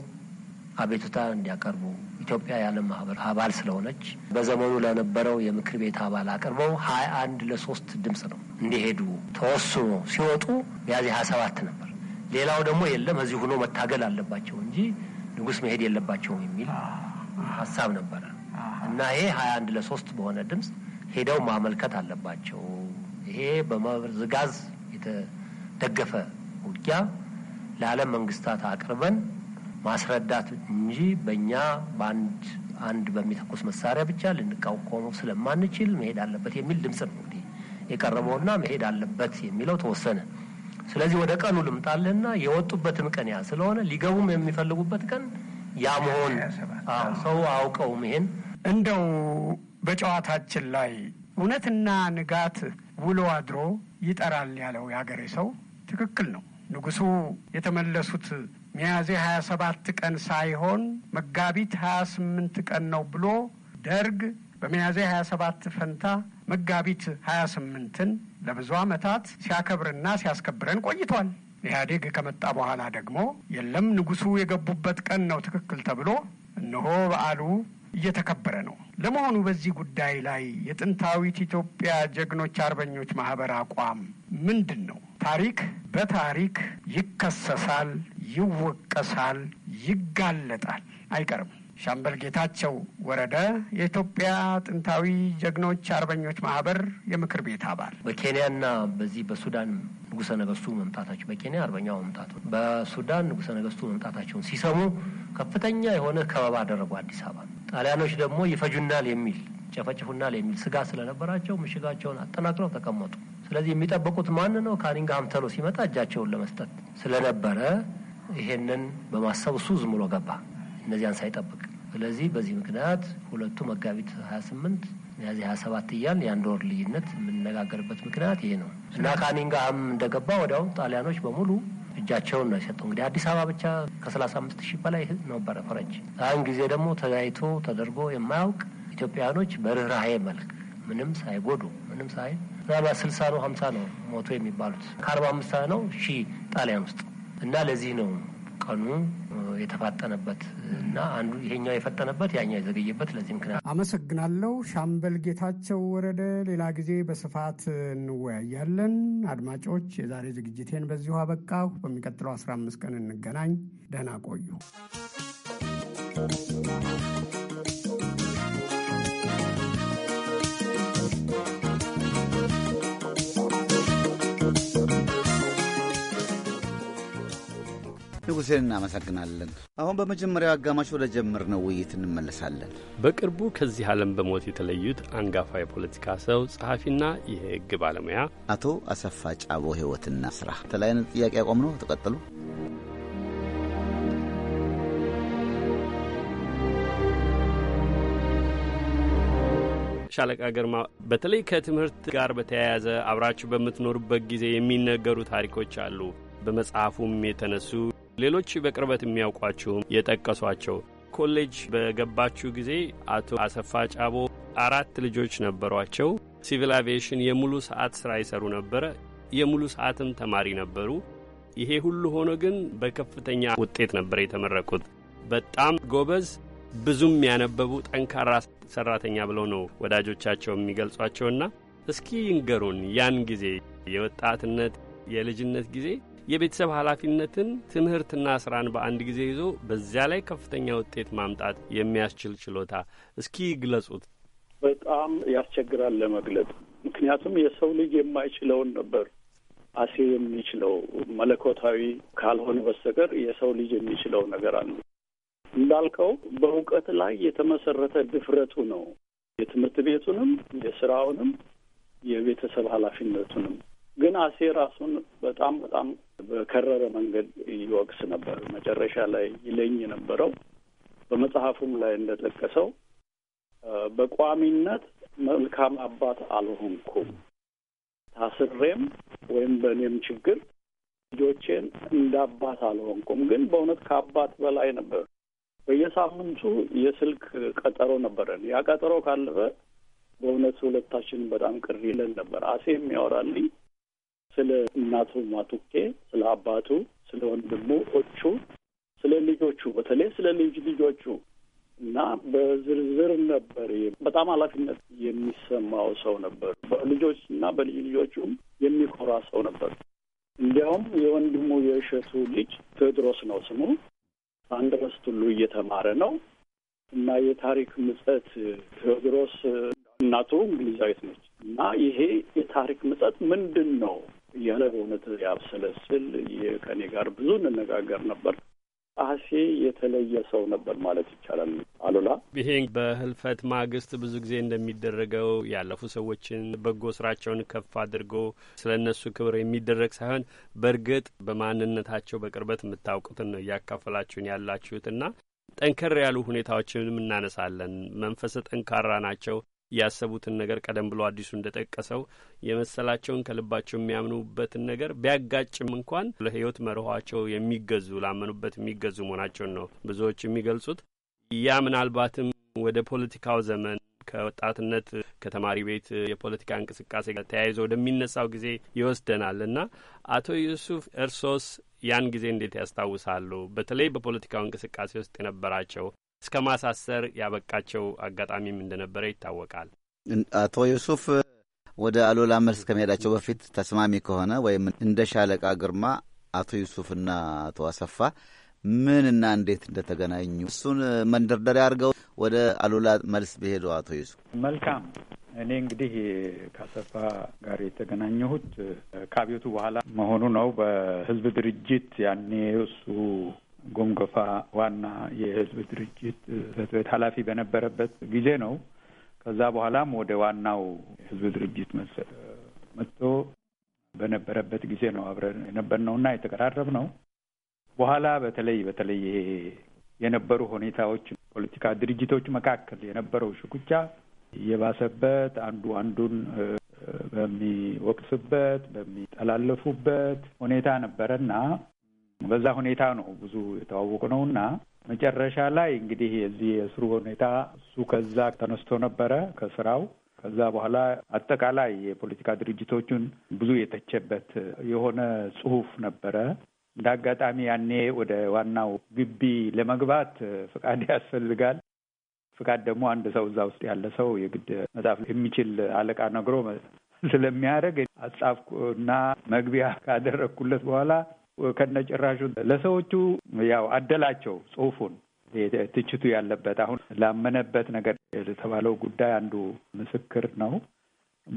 አቤቱታ እንዲያቀርቡ ኢትዮጵያ የዓለም ማህበር አባል ስለሆነች በዘመኑ ለነበረው የምክር ቤት አባል አቅርበው ሀያ አንድ ለሶስት ድምጽ ነው እንዲሄዱ ተወስኖ ሲወጡ ሚያዝያ ሀያ ሰባት ነበር። ሌላው ደግሞ የለም እዚህ ሆኖ መታገል አለባቸው እንጂ ንጉስ መሄድ የለባቸውም የሚል ሀሳብ ነበረ እና ይሄ ሀያ አንድ ለሶስት በሆነ ድምጽ ሄደው ማመልከት አለባቸው። ይሄ በመዝጋዝ የተደገፈ ውጊያ ለዓለም መንግስታት አቅርበን ማስረዳት እንጂ በእኛ በአንድ አንድ በሚተኩስ መሳሪያ ብቻ ልንቃወመው ስለማንችል መሄድ አለበት የሚል ድምፅ ነው እንግዲህ የቀረበውና መሄድ አለበት የሚለው ተወሰነ። ስለዚህ ወደ ቀኑ ልምጣልና የወጡበትም ቀን ያ ስለሆነ ሊገቡም የሚፈልጉበት ቀን ያ መሆን ሰው አውቀውም ይሄን እንደው በጨዋታችን ላይ እውነትና ንጋት ውሎ አድሮ ይጠራል ያለው የአገሬ ሰው ትክክል ነው። ንጉሱ የተመለሱት ሚያዝያ 27 ቀን ሳይሆን መጋቢት 28 ቀን ነው ብሎ ደርግ በሚያዝያ 27 ፈንታ መጋቢት 28ን ለብዙ ዓመታት ሲያከብርና ሲያስከብረን ቆይቷል። ኢህአዴግ ከመጣ በኋላ ደግሞ የለም ንጉሱ የገቡበት ቀን ነው ትክክል ተብሎ እነሆ በዓሉ እየተከበረ ነው። ለመሆኑ በዚህ ጉዳይ ላይ የጥንታዊት ኢትዮጵያ ጀግኖች አርበኞች ማህበር አቋም ምንድን ነው? ታሪክ በታሪክ ይከሰሳል ይወቀሳል፣ ይጋለጣል፣ አይቀርም። ሻምበል ጌታቸው ወረደ የኢትዮጵያ ጥንታዊ ጀግኖች አርበኞች ማህበር የምክር ቤት አባል በኬንያና በዚህ በሱዳን ንጉሰ ነገስቱ መምጣታቸው በኬንያ አርበኛው መምጣቱ በሱዳን ንጉሰ ነገስቱ መምጣታቸውን ሲሰሙ ከፍተኛ የሆነ ከበባ አደረጉ አዲስ አበባ። ጣሊያኖች ደግሞ ይፈጁናል የሚል ጨፈጭፉናል የሚል ስጋት ስለነበራቸው ምሽጋቸውን አጠናክረው ተቀመጡ። ስለዚህ የሚጠብቁት ማን ነው? ካኒንግሃም ተሎ ሲመጣ እጃቸውን ለመስጠት ስለነበረ ይሄንን በማሰብ እሱ ዝም ብሎ ገባ እነዚያን ሳይጠብቅ። ስለዚህ በዚህ ምክንያት ሁለቱ መጋቢት 28 ስምንት ሚያዝያ ሀያ እያል የአንድ ወር ልዩነት የምንነጋገርበት ምክንያት ይሄ ነው እና ካኒንግሃም እንደገባ ወዲያውም ጣሊያኖች በሙሉ እጃቸውን ነው የሰጠው። እንግዲህ አዲስ አበባ ብቻ ከ35 ሺህ በላይ ህዝብ ነበረ ፈረንጅ። አሁን ጊዜ ደግሞ ተጋይቶ ተደርጎ የማያውቅ ኢትዮጵያውያኖች በርኅራሄ መልክ ምንም ሳይጎዱ ምንም ሳይ ምናልባት 60 ነው 50 ነው ሞቶ የሚባሉት ከ45 ነው ሺህ ጣሊያን ውስጥ እና ለዚህ ነው ቀኑ የተፋጠነበት እና አንዱ ይሄኛው የፈጠነበት ያኛው የዘገየበት ለዚህ ምክንያት። አመሰግናለሁ። ሻምበል ጌታቸው ወረደ፣ ሌላ ጊዜ በስፋት እንወያያለን። አድማጮች፣ የዛሬ ዝግጅቴን በዚሁ አበቃሁ። በሚቀጥለው 15 ቀን እንገናኝ። ደህና ቆዩ። ንጉሴን እናመሰግናለን። አሁን በመጀመሪያው አጋማሽ ወደ ነው ውይይት እንመለሳለን። በቅርቡ ከዚህ ዓለም በሞት የተለዩት አንጋፋ የፖለቲካ ሰው ጸሐፊና የሕግ ባለሙያ አቶ አሰፋ ጫቦ ሕይወትና ስራ ተለያይነ ጥያቄ ያቆም ነው። ተቀጥሉ ሻለቃ ግርማ፣ በተለይ ከትምህርት ጋር በተያያዘ አብራችሁ በምትኖሩበት ጊዜ የሚነገሩ ታሪኮች አሉ። በመጽሐፉም የተነሱ ሌሎች በቅርበት የሚያውቋቸውም የጠቀሷቸው ኮሌጅ በገባችሁ ጊዜ አቶ አሰፋ ጫቦ አራት ልጆች ነበሯቸው። ሲቪል አቪዬሽን የሙሉ ሰዓት ስራ ይሰሩ ነበረ። የሙሉ ሰዓትም ተማሪ ነበሩ። ይሄ ሁሉ ሆኖ ግን በከፍተኛ ውጤት ነበር የተመረቁት። በጣም ጎበዝ፣ ብዙም ያነበቡ ጠንካራ ሰራተኛ ብለው ነው ወዳጆቻቸው የሚገልጿቸውና እስኪ ይንገሩን ያን ጊዜ የወጣትነት የልጅነት ጊዜ የቤተሰብ ኃላፊነትን፣ ትምህርትና ስራን በአንድ ጊዜ ይዞ በዚያ ላይ ከፍተኛ ውጤት ማምጣት የሚያስችል ችሎታ እስኪ ግለጹት። በጣም ያስቸግራል ለመግለጥ። ምክንያቱም የሰው ልጅ የማይችለውን ነበር አሴ የሚችለው መለኮታዊ ካልሆነ በስተቀር የሰው ልጅ የሚችለው ነገር አለ። እንዳልከው በእውቀት ላይ የተመሰረተ ድፍረቱ ነው። የትምህርት ቤቱንም፣ የስራውንም፣ የቤተሰብ ኃላፊነቱንም ግን አሴ ራሱን በጣም በጣም በከረረ መንገድ ይወቅስ ነበር። መጨረሻ ላይ ይለኝ የነበረው በመጽሐፉም ላይ እንደጠቀሰው በቋሚነት መልካም አባት አልሆንኩም፣ ታስሬም ወይም በእኔም ችግር ልጆቼን እንደ አባት አልሆንኩም። ግን በእውነት ከአባት በላይ ነበር። በየሳምንቱ የስልክ ቀጠሮ ነበረን። ያ ቀጠሮ ካለፈ በእውነት ሁለታችን በጣም ቅር ይለን ነበር። አሴም ያወራልኝ ስለ እናቱ ማቱኬ፣ ስለ አባቱ፣ ስለ ወንድሞቹ፣ ስለ ልጆቹ በተለይ ስለ ልጅ ልጆቹ እና በዝርዝር ነበር። በጣም ኃላፊነት የሚሰማው ሰው ነበር። በልጆች እና በልጅ ልጆቹም የሚኮራ ሰው ነበር። እንዲያውም የወንድሙ የእሸቱ ልጅ ቴዎድሮስ ነው ስሙ። ረስት ሁሉ እየተማረ ነው እና የታሪክ ምጸት ቴዎድሮስ እናቱ እንግሊዛዊት ነች እና ይሄ የታሪክ ምጸት ምንድን ነው እያለ በእውነት ያብሰለስል። ከኔ ጋር ብዙ እንነጋገር ነበር። ጸሐፌ የተለየ ሰው ነበር ማለት ይቻላል። አሉላ ይሄ በህልፈት ማግስት ብዙ ጊዜ እንደሚደረገው ያለፉ ሰዎችን በጎ ስራቸውን ከፍ አድርጎ ስለ እነሱ ክብር የሚደረግ ሳይሆን በእርግጥ በማንነታቸው በቅርበት የምታውቁትን ነው እያካፈላችሁን ያላችሁትና ጠንከር ያሉ ሁኔታዎችንም እናነሳለን። መንፈሰ ጠንካራ ናቸው፣ ያሰቡትን ነገር ቀደም ብሎ አዲሱ እንደጠቀሰው የመሰላቸውን ከልባቸው የሚያምኑበትን ነገር ቢያጋጭም እንኳን ለህይወት መርኋቸው የሚገዙ ላመኑበት የሚገዙ መሆናቸውን ነው ብዙዎች የሚገልጹት። ያ ምናልባትም ወደ ፖለቲካው ዘመን ከወጣትነት ከተማሪ ቤት የፖለቲካ እንቅስቃሴ ጋር ተያይዞ ወደሚነሳው ጊዜ ይወስደናል እና አቶ ዩሱፍ እርሶስ ያን ጊዜ እንዴት ያስታውሳሉ? በተለይ በፖለቲካው እንቅስቃሴ ውስጥ የነበራቸው እስከ ማሳሰር ያበቃቸው አጋጣሚም እንደነበረ ይታወቃል። አቶ ዩሱፍ ወደ አሉላ መልስ ከመሄዳቸው በፊት ተስማሚ ከሆነ ወይም እንደ ሻለቃ ግርማ አቶ ዩሱፍና አቶ አሰፋ ምንና እንዴት እንደተገናኙ እሱን መንደርደሪያ አድርገው ወደ አሉላ መልስ ቢሄዱ አቶ ዩሱፍ መልካም። እኔ እንግዲህ ከአሰፋ ጋር የተገናኘሁት ከአብዮቱ በኋላ መሆኑ ነው። በህዝብ ድርጅት ያኔ እሱ ጎንጎፋ ዋና የህዝብ ድርጅት ጽሕፈት ቤት ኃላፊ በነበረበት ጊዜ ነው። ከዛ በኋላም ወደ ዋናው ህዝብ ድርጅት መጥቶ በነበረበት ጊዜ ነው አብረን እና የተቀራረብ ነው። በኋላ በተለይ በተለይ ይሄ የነበሩ ሁኔታዎች ፖለቲካ ድርጅቶች መካከል የነበረው ሽኩቻ እየባሰበት አንዱ አንዱን በሚወቅስበት በሚጠላለፉበት ሁኔታ ነበረና በዛ ሁኔታ ነው ብዙ የተዋወቁ ነው እና መጨረሻ ላይ እንግዲህ የዚህ የእስሩ ሁኔታ እሱ ከዛ ተነስቶ ነበረ ከስራው። ከዛ በኋላ አጠቃላይ የፖለቲካ ድርጅቶቹን ብዙ የተቸበት የሆነ ጽሁፍ ነበረ። እንደ አጋጣሚ ያኔ ወደ ዋናው ግቢ ለመግባት ፍቃድ ያስፈልጋል። ፍቃድ ደግሞ አንድ ሰው እዛ ውስጥ ያለ ሰው የግድ መጻፍ የሚችል አለቃ ነግሮ ስለሚያደርግ አጻፍኩ እና መግቢያ ካደረግኩለት በኋላ ከነጭራሹ ለሰዎቹ ያው አደላቸው ጽሁፉን ትችቱ ያለበት አሁን ላመነበት ነገር የተባለው ጉዳይ አንዱ ምስክር ነው።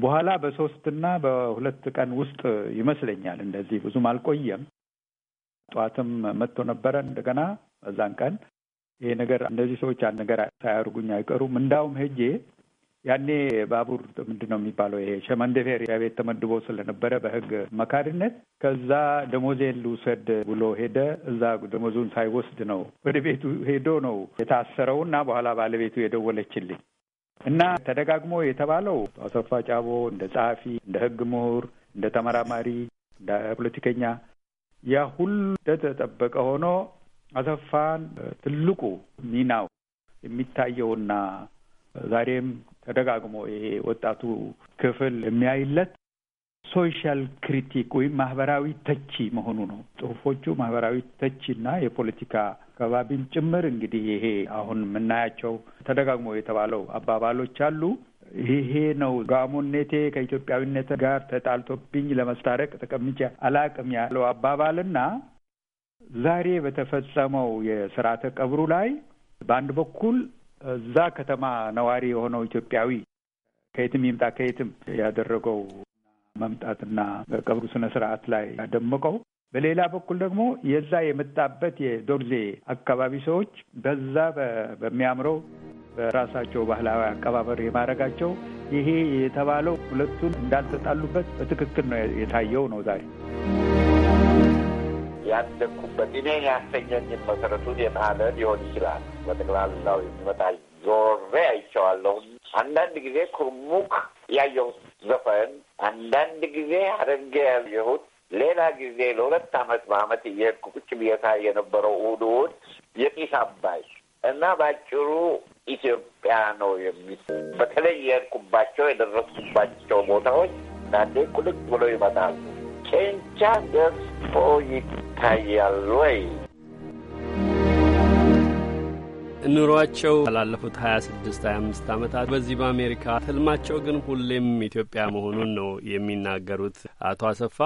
በኋላ በሶስትና በሁለት ቀን ውስጥ ይመስለኛል እንደዚህ ብዙም አልቆየም። ጠዋትም መጥቶ ነበረ እንደገና በዛን ቀን ይሄ ነገር እነዚህ ሰዎች አንድ ነገር ሳያርጉኝ አይቀሩም እንዳውም ሄጄ ያኔ ባቡር ምንድን ነው የሚባለው ይሄ ሸመንደፌር ቤት ተመድቦ ስለነበረ በህግ መካሪነት ከዛ ደሞዜን ልውሰድ ብሎ ሄደ። እዛ ደሞዙን ሳይወስድ ነው ወደ ቤቱ ሄዶ ነው የታሰረው እና በኋላ ባለቤቱ የደወለችልኝ እና ተደጋግሞ የተባለው አሰፋ ጫቦ እንደ ጸሐፊ፣ እንደ ህግ ምሁር፣ እንደ ተመራማሪ፣ እንደ ፖለቲከኛ ያ ሁሉ እንደተጠበቀ ሆኖ አሰፋን ትልቁ ሚናው የሚታየውና ዛሬም ተደጋግሞ ይሄ ወጣቱ ክፍል የሚያይለት ሶሻል ክሪቲክ ወይም ማህበራዊ ተቺ መሆኑ ነው። ጽሁፎቹ ማህበራዊ ተቺና የፖለቲካ ከባቢን ጭምር እንግዲህ ይሄ አሁን የምናያቸው ተደጋግሞ የተባለው አባባሎች አሉ። ይሄ ነው ጋሞኔቴ ከኢትዮጵያዊነት ጋር ተጣልቶብኝ ለመስታረቅ ተቀምጬ አላቅም ያለው አባባልና ዛሬ በተፈጸመው የስርዓተ ቀብሩ ላይ በአንድ በኩል እዛ ከተማ ነዋሪ የሆነው ኢትዮጵያዊ ከየትም ይምጣ ከየትም ያደረገው መምጣትና በቀብሩ ስነ ስርዓት ላይ ያደመቀው በሌላ በኩል ደግሞ የዛ የመጣበት የዶርዜ አካባቢ ሰዎች በዛ በሚያምረው በራሳቸው ባህላዊ አቀባበር የማድረጋቸው ይሄ የተባለው ሁለቱን እንዳልተጣሉበት በትክክል ነው የታየው ነው ዛሬ ያደግኩበት እኔ ያሰኘኝ መሰረቱን የጣለ ሊሆን ይችላል። በጠቅላላው የሚመጣ ዞሬ አይቼዋለሁ። አንዳንድ ጊዜ ኩርሙክ ያየሁት ዘፈን፣ አንዳንድ ጊዜ ሐረንጌ ያየሁት፣ ሌላ ጊዜ ለሁለት ዓመት በአመት እየሄድኩ ቁጭ ብየታ የነበረው ውድውድ የጢስ አባይ እና በአጭሩ ኢትዮጵያ ነው የሚ በተለይ የሄድኩባቸው የደረስኩባቸው ቦታዎች አንዳንዴ ቁልቅ ብሎ ይመጣሉ። ጨንቻ ገዝፎ ይታያል ወይ? ኑሯቸው ላለፉት 26 25 ዓመታት በዚህ በአሜሪካ ህልማቸው ግን ሁሌም ኢትዮጵያ መሆኑን ነው የሚናገሩት አቶ አሰፋ።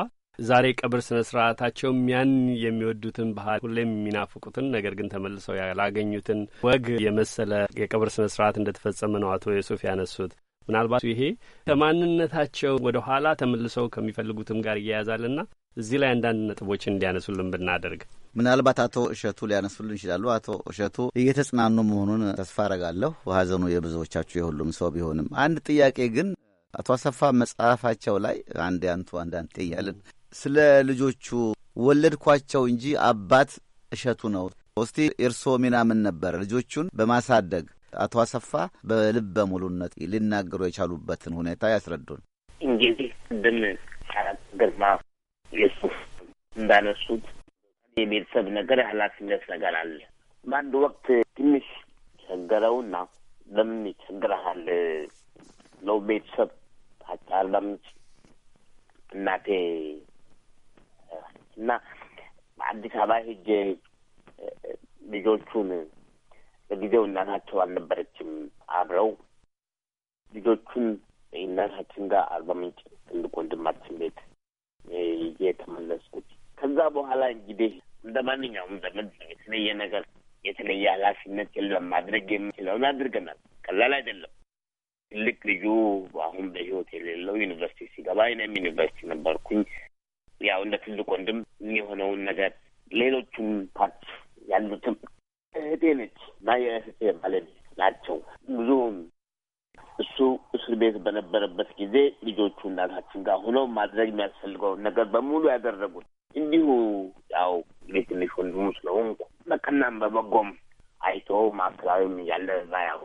ዛሬ ቀብር ስነ ስርዓታቸውም ያን የሚወዱትን ባህል ሁሌም የሚናፍቁትን ነገር ግን ተመልሰው ያላገኙትን ወግ የመሰለ የቀብር ስነ ስርዓት እንደተፈጸመ ነው አቶ የሱፍ ያነሱት። ምናልባት ይሄ ከማንነታቸው ወደ ኋላ ተመልሰው ከሚፈልጉትም ጋር እያያዛልና እዚህ ላይ አንዳንድ ነጥቦችን እንዲያነሱልን ብናደርግ ምናልባት አቶ እሸቱ ሊያነሱልን ይችላሉ። አቶ እሸቱ እየተጽናኑ መሆኑን ተስፋ አረጋለሁ። ሀዘኑ የብዙዎቻችሁ የሁሉም ሰው ቢሆንም አንድ ጥያቄ ግን አቶ አሰፋ መጽሐፋቸው ላይ አንድ ያንቱ አንዳንድ ጥያልን ስለ ልጆቹ ወለድኳቸው እንጂ አባት እሸቱ ነው። እስቲ እርስዎ ሚና ምን ነበር? ልጆቹን በማሳደግ አቶ አሰፋ በልበ ሙሉነት ሊናገሩ የቻሉበትን ሁኔታ ያስረዱን። እንግዲህ ቅድም አራት ግርማ የሱፍ እንዳነሱት የቤተሰብ ነገር የኃላፊነት ነገር አለ። በአንድ ወቅት ትንሽ ቸገረውና ለምን ይቸግረሃል ነው ቤተሰብ ታጫር ለምጭ እናቴ እና በአዲስ አበባ ሄጄ ልጆቹን ለጊዜው እናታቸው አልነበረችም አብረው ልጆቹን እናታችን ጋር አርባ ምንጭ ትልቅ ወንድማችን ቤት የተመለስኩት። ከዛ በኋላ እንግዲህ እንደ ማንኛውም ዘመድ የተለየ ነገር የተለየ ኃላፊነት የለም። ማድረግ የሚችለውን አድርገናል። ቀላል አይደለም። ትልቅ ልጁ አሁን በህይወት የሌለው ዩኒቨርሲቲ ሲገባ እኔም ዩኒቨርሲቲ ነበርኩኝ። ያው እንደ ትልቅ ወንድም የሆነውን ነገር ሌሎቹም ፓርት ያሉትም እህቴ ነች እና የእህቴ ባለቤት ናቸው። ብዙውን እሱ እስር ቤት በነበረበት ጊዜ ልጆቹ እናታችን ጋር ሆነው ማድረግ የሚያስፈልገውን ነገር በሙሉ ያደረጉት እንዲሁ ያው እንግዲህ ትንሽ ወንድሙ ስለሆንኩ በቀናም በበጎም አይቶ ማዕከላዊም እያለ እዛ ያው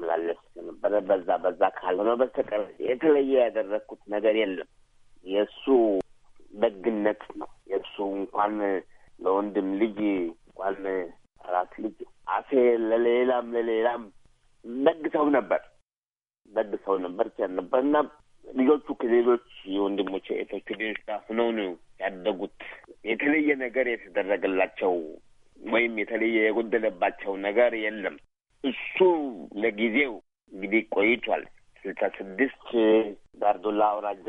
መላለስ ነበረ። በዛ በዛ ካልሆነ በስተቀር የተለየ ያደረግኩት ነገር የለም። የእሱ ደግነት ነው። የእሱ እንኳን ለወንድም ልጅ እንኳን አራት ልጅ አሴ ለሌላም ለሌላም ነግሰው ነበር ነግሰው ነበር ቻል ነበር እና ልጆቹ ከሌሎች የወንድሞች እህቶቹ ልጆች ጋር ሆነው ነው ያደጉት። የተለየ ነገር የተደረገላቸው ወይም የተለየ የጎደለባቸው ነገር የለም። እሱ ለጊዜው እንግዲህ ቆይቷል። ስልሳ ስድስት ዳርዶላ አውራጃ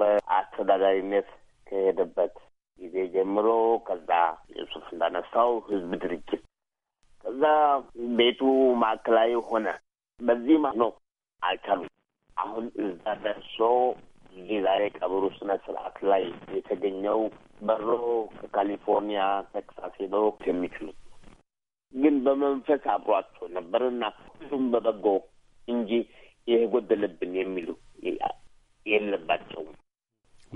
በአስተዳዳሪነት ከሄደበት ጊዜ ጀምሮ ከዛ ዩሱፍ እንዳነሳው ህዝብ ድርጅት ከዛ ቤቱ ማዕከላዊ ሆነ። በዚህ ነው አልቻሉም። አሁን እዛ ደርሶ እዚህ ዛሬ ቀብሩ ስነ ስርዓት ላይ የተገኘው በሮ ከካሊፎርኒያ ተክሳስ ሄዶ የሚችሉት ግን በመንፈስ አብሯቸው ነበርና ሁሉም በበጎ እንጂ ይህ ጎደለብን የሚሉ የለባቸውም።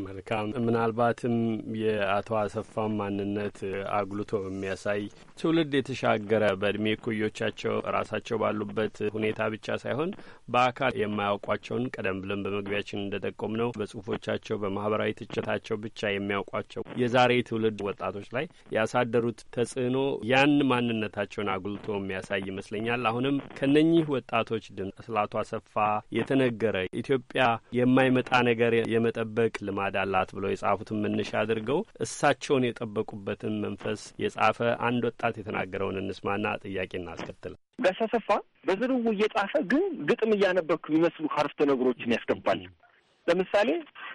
መልካም። ምናልባትም የአቶ አሰፋን ማንነት አጉልቶ በሚያሳይ ትውልድ የተሻገረ በእድሜ ኮዮቻቸው ራሳቸው ባሉበት ሁኔታ ብቻ ሳይሆን በአካል የማያውቋቸውን ቀደም ብለን በመግቢያችን እንደጠቆም ነው በጽሁፎቻቸው በማህበራዊ ትችታቸው ብቻ የሚያውቋቸው የዛሬ ትውልድ ወጣቶች ላይ ያሳደሩት ተጽዕኖ ያን ማንነታቸውን አጉልቶ የሚያሳይ ይመስለኛል። አሁንም ከነኚህ ወጣቶች ድምጽ ስለ አቶ አሰፋ የተነገረ ኢትዮጵያ የማይመጣ ነገር የመጠበቅ ልማ ልማድ አላት ብለው የጻፉትን መነሻ አድርገው እሳቸውን የጠበቁበትን መንፈስ የጻፈ አንድ ወጣት የተናገረውን እንስማና ጥያቄ እናስከትል። ጋሽ አሰፋ በዝርው እየጻፈ ግን ግጥም እያነበኩ የሚመስሉ አረፍተ ነገሮችን ያስገባል። ለምሳሌ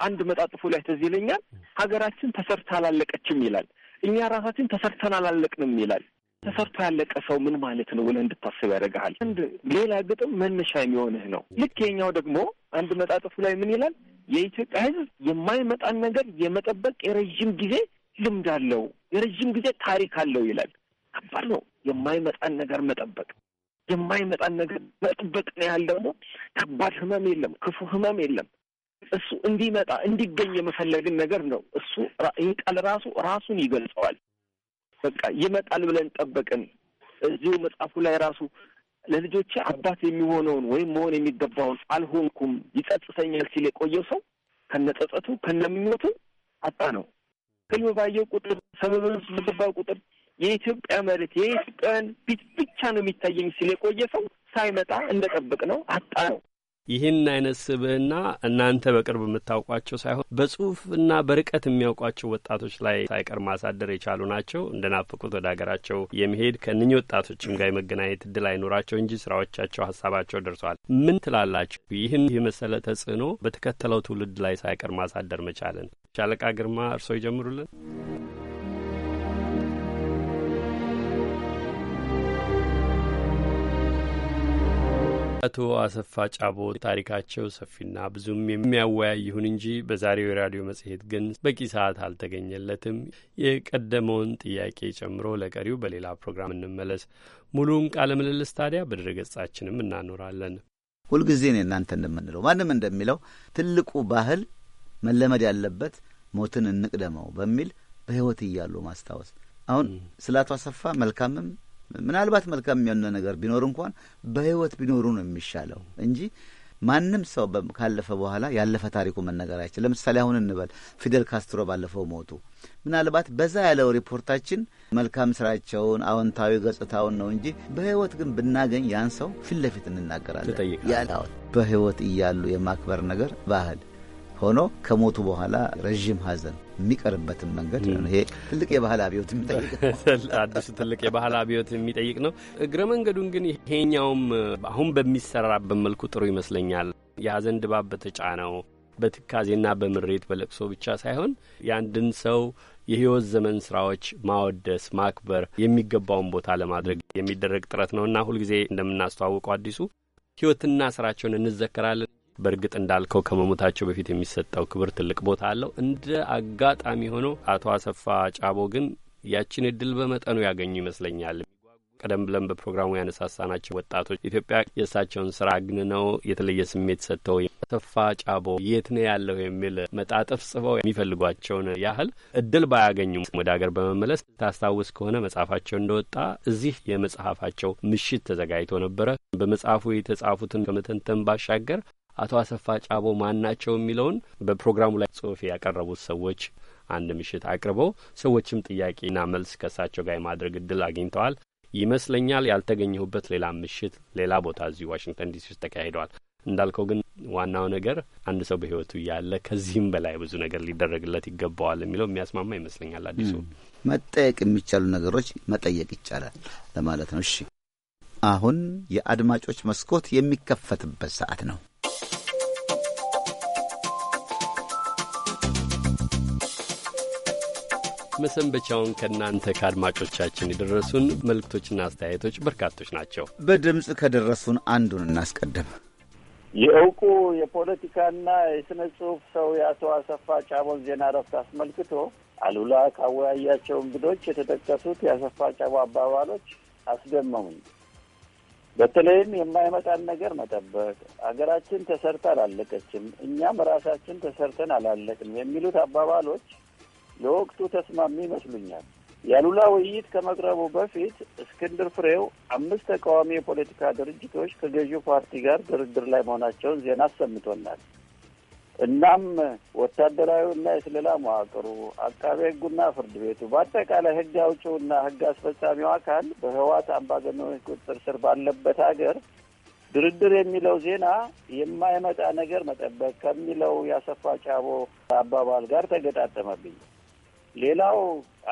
አንድ መጣጥፎ ላይ ተዚህ ይለኛል፣ ሀገራችን ተሰርታ አላለቀችም ይላል። እኛ ራሳችን ተሰርተን አላለቅንም ይላል። ተሰርቶ ያለቀ ሰው ምን ማለት ነው ብለህ እንድታስብ ያደርግሃል። አንድ ሌላ ግጥም መነሻ የሚሆንህ ነው። ልክ የኛው ደግሞ አንድ መጣጥፉ ላይ ምን ይላል? የኢትዮጵያ ሕዝብ የማይመጣን ነገር የመጠበቅ የረዥም ጊዜ ልምድ አለው፣ የረዥም ጊዜ ታሪክ አለው ይላል። ከባድ ነው የማይመጣን ነገር መጠበቅ። የማይመጣን ነገር መጠበቅ ነው ያህል ደግሞ ከባድ ህመም የለም፣ ክፉ ህመም የለም። እሱ እንዲመጣ እንዲገኝ የመፈለግን ነገር ነው። እሱ ይህ ቃል ራሱ ራሱን ይገልጸዋል። በቃ ይመጣል ብለን ጠበቅን። እዚሁ መጽሐፉ ላይ ራሱ ለልጆቼ አባት የሚሆነውን ወይም መሆን የሚገባውን አልሆንኩም፣ ይጸጽተኛል ሲል የቆየው ሰው ከነጸጸቱ ከነምኞቱ አጣ ነው። ህልም ባየው ቁጥር ሰበብን በገባው ቁጥር የኢትዮጵያ መሬት የኢትዮጵያን ፊት ብቻ ነው የሚታየኝ ሲል የቆየ ሰው ሳይመጣ እንደጠብቅ ነው አጣ ነው። ይህን አይነት ስብህና እናንተ በቅርብ የምታውቋቸው ሳይሆን በጽሁፍና በርቀት የሚያውቋቸው ወጣቶች ላይ ሳይቀር ማሳደር የቻሉ ናቸው። እንደናፍቁት ወደ ሀገራቸው የመሄድ ከእነኚህ ወጣቶችም ጋር የመገናኘት እድል አይኖራቸው እንጂ ስራዎቻቸው፣ ሀሳባቸው ደርሰዋል። ምን ትላላችሁ? ይህን የመሰለ ተጽዕኖ በተከተለው ትውልድ ላይ ሳይቀር ማሳደር መቻልን ሻለቃ ግርማ እርስዎ ይጀምሩልን። አቶ አሰፋ ጫቦ ታሪካቸው ሰፊና ብዙም የሚያወያይ ይሁን እንጂ በዛሬው የራዲዮ መጽሔት ግን በቂ ሰዓት አልተገኘለትም። የቀደመውን ጥያቄ ጨምሮ ለቀሪው በሌላ ፕሮግራም እንመለስ። ሙሉውን ቃለ ምልልስ ታዲያ ገጻችንም እናኖራለን። ሁልጊዜ እኔ እናንተ እንደምንለው ማንም እንደሚለው ትልቁ ባህል መለመድ ያለበት ሞትን እንቅደመው በሚል በሕይወት እያሉ ማስታወስ። አሁን ስለ አቶ አሰፋ መልካምም ምናልባት መልካም የሚሆነ ነገር ቢኖር እንኳን በህይወት ቢኖሩ ነው የሚሻለው እንጂ ማንም ሰው ካለፈ በኋላ ያለፈ ታሪኩ መነገር አይችል። ለምሳሌ አሁን እንበል ፊደል ካስትሮ ባለፈው ሞቱ። ምናልባት በዛ ያለው ሪፖርታችን መልካም ስራቸውን አዎንታዊ ገጽታውን ነው እንጂ በህይወት ግን ብናገኝ ያን ሰው ፊት ለፊት እንናገራለን። በህይወት እያሉ የማክበር ነገር ባህል ሆኖ ከሞቱ በኋላ ረዥም ሀዘን የሚቀርበትን መንገድ ይሄ ትልቅ የባህል አብዮት የሚጠይቅ አዲሱ ትልቅ የባህል አብዮት የሚጠይቅ ነው። እግረ መንገዱን ግን ይሄኛውም አሁን በሚሰራበት መልኩ ጥሩ ይመስለኛል። የሀዘን ድባብ በተጫነው በትካዜና በምሬት በለቅሶ ብቻ ሳይሆን የአንድን ሰው የህይወት ዘመን ስራዎች ማወደስ፣ ማክበር የሚገባውን ቦታ ለማድረግ የሚደረግ ጥረት እና ሁልጊዜ እንደምናስተዋውቀው አዲሱ ህይወትና ስራቸውን እንዘከራለን። በእርግጥ እንዳልከው ከመሞታቸው በፊት የሚሰጠው ክብር ትልቅ ቦታ አለው። እንደ አጋጣሚ ሆኖ አቶ አሰፋ ጫቦ ግን ያችን እድል በመጠኑ ያገኙ ይመስለኛል። ቀደም ብለን በፕሮግራሙ ያነሳሳናቸው ወጣቶች ኢትዮጵያ የእሳቸውን ስራ አግንነው የተለየ ስሜት ሰጥተው አሰፋ ጫቦ የት ነው ያለው የሚል መጣጥፍ ጽፈው የሚፈልጓቸውን ያህል እድል ባያገኙም ወደ አገር በመመለስ ታስታውስ ከሆነ መጽሐፋቸው እንደወጣ እዚህ የመጽሐፋቸው ምሽት ተዘጋጅቶ ነበረ። በመጽሐፉ የተጻፉትን ከመተንተን ባሻገር አቶ አሰፋ ጫቦ ማን ናቸው የሚለውን በፕሮግራሙ ላይ ጽሁፍ ያቀረቡት ሰዎች አንድ ምሽት አቅርበው ሰዎችም ጥያቄና መልስ ከእሳቸው ጋር የማድረግ እድል አግኝተዋል። ይመስለኛል ያልተገኘሁበት ሌላ ምሽት ሌላ ቦታ እዚሁ ዋሽንግተን ዲሲ ውስጥ ተካሂደዋል። እንዳልከው ግን ዋናው ነገር አንድ ሰው በህይወቱ ያለ ከዚህም በላይ ብዙ ነገር ሊደረግለት ይገባዋል የሚለው የሚያስማማ ይመስለኛል። አዲሱ መጠየቅ የሚቻሉ ነገሮች መጠየቅ ይቻላል ለማለት ነው። እሺ፣ አሁን የአድማጮች መስኮት የሚከፈትበት ሰዓት ነው። መሰንበቻውን ከእናንተ ከአድማጮቻችን የደረሱን መልእክቶችና አስተያየቶች በርካቶች ናቸው። በድምፅ ከደረሱን አንዱን እናስቀድም። የእውቁ የፖለቲካና የሥነ ጽሑፍ ሰው የአቶ አሰፋ ጫቦን ዜና ረፍት አስመልክቶ አሉላ ካወያያቸው እንግዶች የተጠቀሱት የአሰፋ ጫቦ አባባሎች አስደመሙኝ። በተለይም የማይመጣን ነገር መጠበቅ አገራችን ተሰርታ አላለቀችም፣ እኛም ራሳችን ተሰርተን አላለቅም የሚሉት አባባሎች ለወቅቱ ተስማሚ ይመስሉኛል። የአሉላ ውይይት ከመቅረቡ በፊት እስክንድር ፍሬው አምስት ተቃዋሚ የፖለቲካ ድርጅቶች ከገዢው ፓርቲ ጋር ድርድር ላይ መሆናቸውን ዜና አሰምቶናል። እናም ወታደራዊና የስለላ መዋቅሩ፣ አቃቤ ህጉና ፍርድ ቤቱ፣ በአጠቃላይ ህግ አውጪውና ህግ አስፈጻሚው አካል በህዋት አምባገነኖች ቁጥጥር ስር ባለበት ሀገር ድርድር የሚለው ዜና የማይመጣ ነገር መጠበቅ ከሚለው ያሰፋ ጫቦ አባባል ጋር ተገጣጠመብኝ። ሌላው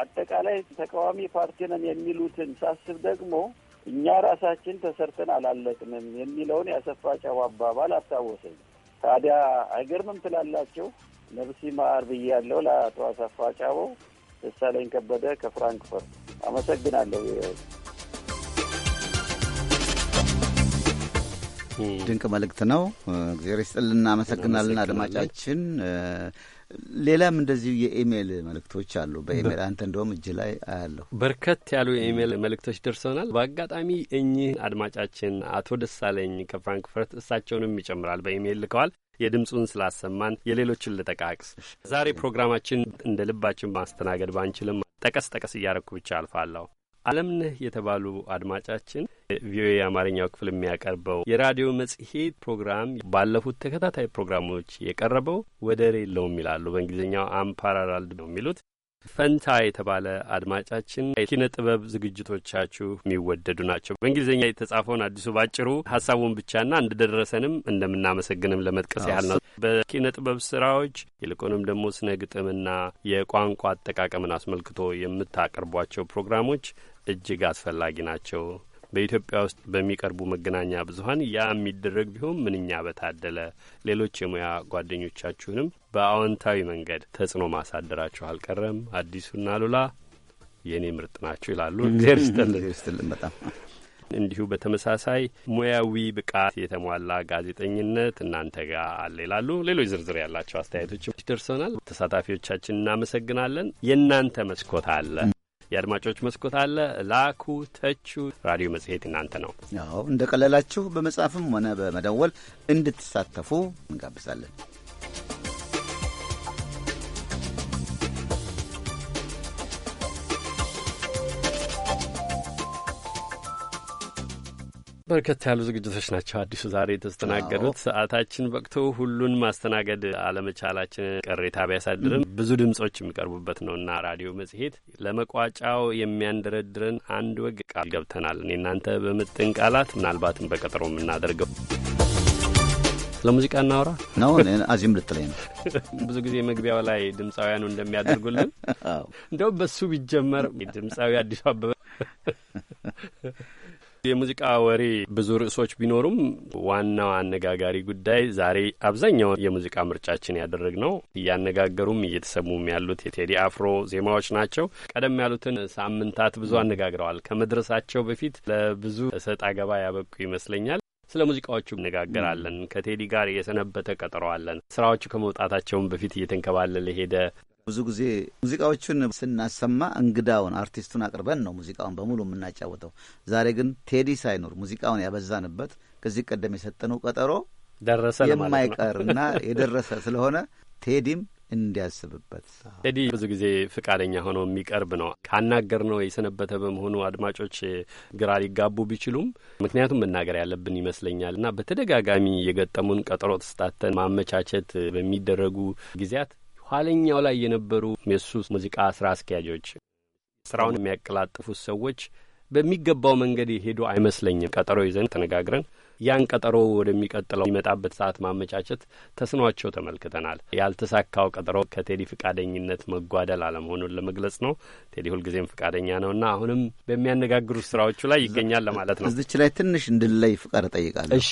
አጠቃላይ ተቃዋሚ ፓርቲ ነን የሚሉትን ሳስብ ደግሞ እኛ ራሳችን ተሰርተን አላለቅንም የሚለውን ያሰፋ ጫቦ አባባል አስታወሰኝ። ታዲያ አይገርምም ትላላቸው። ነብሲ ማር ብያለው። ለአቶ አሰፋ ጫቦ ደሳለኝ ከበደ ከፍራንክፈርት አመሰግናለሁ። ድንቅ መልእክት ነው። እግዚአብሔር ይስጥልን። እናመሰግናለን አድማጫችን። ሌላም እንደዚሁ የኢሜይል መልእክቶች አሉ። በኢሜይል አንተ እንደውም እጅ ላይ አያለሁ። በርከት ያሉ የኢሜይል መልእክቶች ደርሰውናል። በአጋጣሚ እኚህ አድማጫችን አቶ ደሳለኝ ከፍራንክፈርት እሳቸውንም ይጨምራል በኢሜይል ልከዋል። የድምፁን ስላሰማን የሌሎችን ልጠቃቅስ። ዛሬ ፕሮግራማችን እንደ ልባችን ማስተናገድ ባንችልም ጠቀስ ጠቀስ እያረኩ ብቻ አልፋለሁ። አለምነህ የተባሉ አድማጫችን ቪኦኤ የአማርኛው ክፍል የሚያቀርበው የራዲዮ መጽሔት ፕሮግራም ባለፉት ተከታታይ ፕሮግራሞች የቀረበው ወደር የለውም ይላሉ። በእንግሊዝኛው አምፓራራልድ ነው የሚሉት። ፈንታ የተባለ አድማጫችን የኪነ ጥበብ ዝግጅቶቻችሁ የሚወደዱ ናቸው። በእንግሊዝኛ የተጻፈውን አዲሱ ባጭሩ ሀሳቡን ብቻና እንደደረሰንም እንደምናመሰግንም ለመጥቀስ ያህል ነው። በኪነ ጥበብ ስራዎች ይልቁንም ደግሞ ስነ ግጥምና የቋንቋ አጠቃቀምን አስመልክቶ የምታቀርቧቸው ፕሮግራሞች እጅግ አስፈላጊ ናቸው በኢትዮጵያ ውስጥ በሚቀርቡ መገናኛ ብዙኃን ያ የሚደረግ ቢሆን ምንኛ በታደለ። ሌሎች የሙያ ጓደኞቻችሁንም በአዎንታዊ መንገድ ተጽዕኖ ማሳደራችሁ አልቀረም። አዲሱና ሉላ የእኔ ምርጥ ናችሁ ይላሉ። እግዜር ይስጥልን በጣም እንዲሁ በተመሳሳይ ሙያዊ ብቃት የተሟላ ጋዜጠኝነት እናንተ ጋር አለ ይላሉ። ሌሎች ዝርዝር ያላቸው አስተያየቶች ደርሰናል። ተሳታፊዎቻችን እናመሰግናለን። የእናንተ መስኮት አለ የአድማጮች መስኮት አለ። ላኩ፣ ተቹ። ራዲዮ መጽሔት እናንተ ነው። ያው እንደ ቀለላችሁ በመጻፍም ሆነ በመደወል እንድትሳተፉ እንጋብዛለን። በርከት ያሉ ዝግጅቶች ናቸው አዲሱ ዛሬ የተስተናገዱት። ሰዓታችን በቅቶ ሁሉን ማስተናገድ አለመቻላችን ቅሬታ ቢያሳድርም ብዙ ድምጾች የሚቀርቡበት እና ራዲዮ መጽሔት ለመቋጫው የሚያንደረድረን አንድ ወግ ቃል ገብተናል። እኔ እናንተ በምጥን ቃላት ምናልባትም በቀጠሮ የምናደርገው ስለ ሙዚቃ እናውራ ነው። አዚም ልትለኝ ነው። ብዙ ጊዜ መግቢያው ላይ ድምፃውያኑ እንደሚያደርጉልን እንደውም በሱ ቢጀመር ድምፃዊ አዲሱ አበበ የሙዚቃ ወሬ ብዙ ርዕሶች ቢኖሩም ዋናው አነጋጋሪ ጉዳይ ዛሬ አብዛኛው የሙዚቃ ምርጫችን ያደረግ ነው። እያነጋገሩም እየተሰሙም ያሉት የቴዲ አፍሮ ዜማዎች ናቸው። ቀደም ያሉትን ሳምንታት ብዙ አነጋግረዋል። ከመድረሳቸው በፊት ለብዙ እሰጥ አገባ ያበቁ ይመስለኛል። ስለ ሙዚቃዎቹ እነጋገራለን። ከቴዲ ጋር የሰነበተ ቀጠሮ አለን። ስራዎቹ ከመውጣታቸውን በፊት እየተንከባለለ ሄደ ብዙ ጊዜ ሙዚቃዎቹን ስናሰማ እንግዳውን አርቲስቱን አቅርበን ነው ሙዚቃውን በሙሉ የምናጫወተው። ዛሬ ግን ቴዲ ሳይኖር ሙዚቃውን ያበዛንበት ከዚህ ቀደም የሰጠነው ቀጠሮ ደረሰ እና የደረሰ ስለሆነ ቴዲም እንዲያስብበት ቴዲ ብዙ ጊዜ ፍቃደኛ ሆኖ የሚቀርብ ነው። ካናገር ነው የሰነበተ በመሆኑ አድማጮች ግራ ሊጋቡ ቢችሉም ምክንያቱም መናገር ያለብን ይመስለኛል እና በተደጋጋሚ የገጠሙን ቀጠሮ ተስታተን ማመቻቸት በሚደረጉ ጊዜያት ኋለኛው ላይ የነበሩ የሱ ሙዚቃ ስራ አስኪያጆች፣ ስራውን የሚያቀላጥፉት ሰዎች በሚገባው መንገድ የሄዱ አይመስለኝም። ቀጠሮ ይዘን ተነጋግረን ያን ቀጠሮ ወደሚቀጥለው የሚመጣበት ሰዓት ማመቻቸት ተስኗቸው ተመልክተናል። ያልተሳካው ቀጠሮ ከቴዲ ፍቃደኝነት መጓደል አለመሆኑን ለመግለጽ ነው። ቴዲ ሁልጊዜም ፍቃደኛ ነውና አሁንም በሚያነጋግሩ ስራዎቹ ላይ ይገኛል ለማለት ነው። እዚች ላይ ትንሽ እንድለይ ፍቃድ እጠይቃለሁ። እሺ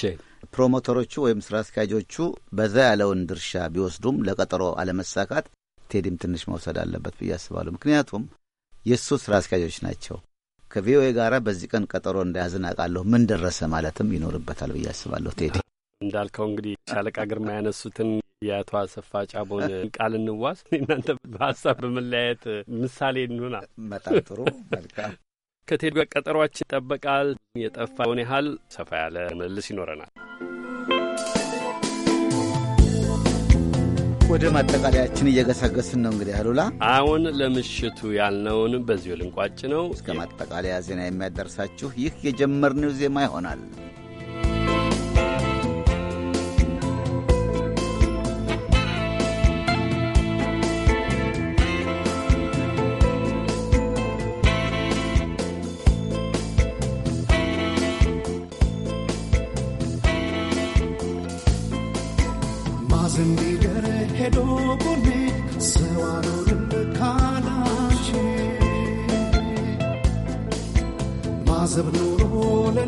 ፕሮሞተሮቹ ወይም ስራ አስኪያጆቹ በዛ ያለውን ድርሻ ቢወስዱም ለቀጠሮ አለመሳካት ቴዲም ትንሽ መውሰድ አለበት ብዬ አስባለሁ። ምክንያቱም የእሱ ስራ አስኪያጆች ናቸው። ከቪኦኤ ጋር በዚህ ቀን ቀጠሮ እንዳያዝን አውቃለሁ ምን ደረሰ ማለትም ይኖርበታል ብዬ አስባለሁ። ቴዲ እንዳልከው እንግዲህ ሻለቃ ግርማ ያነሱትን የአቶ አሰፋ ጫቦን ቃል እንዋስ እናንተ በሀሳብ በመለያየት ምሳሌ እንሆና። በጣም ጥሩ መልካም። ከቴዲ ጋር ቀጠሯችን ይጠበቃል። የጠፋውን ያህል ሰፋ ያለ መልስ ይኖረናል። ወደ ማጠቃለያችን እየገሰገስን ነው። እንግዲህ አሉላ አሁን ለምሽቱ ያልነውን በዚሁ ልንቋጭ ነው። እስከ ማጠቃለያ ዜና የሚያደርሳችሁ ይህ የጀመርነው ዜማ ይሆናል። Indeed. ማዘብ ኑሮ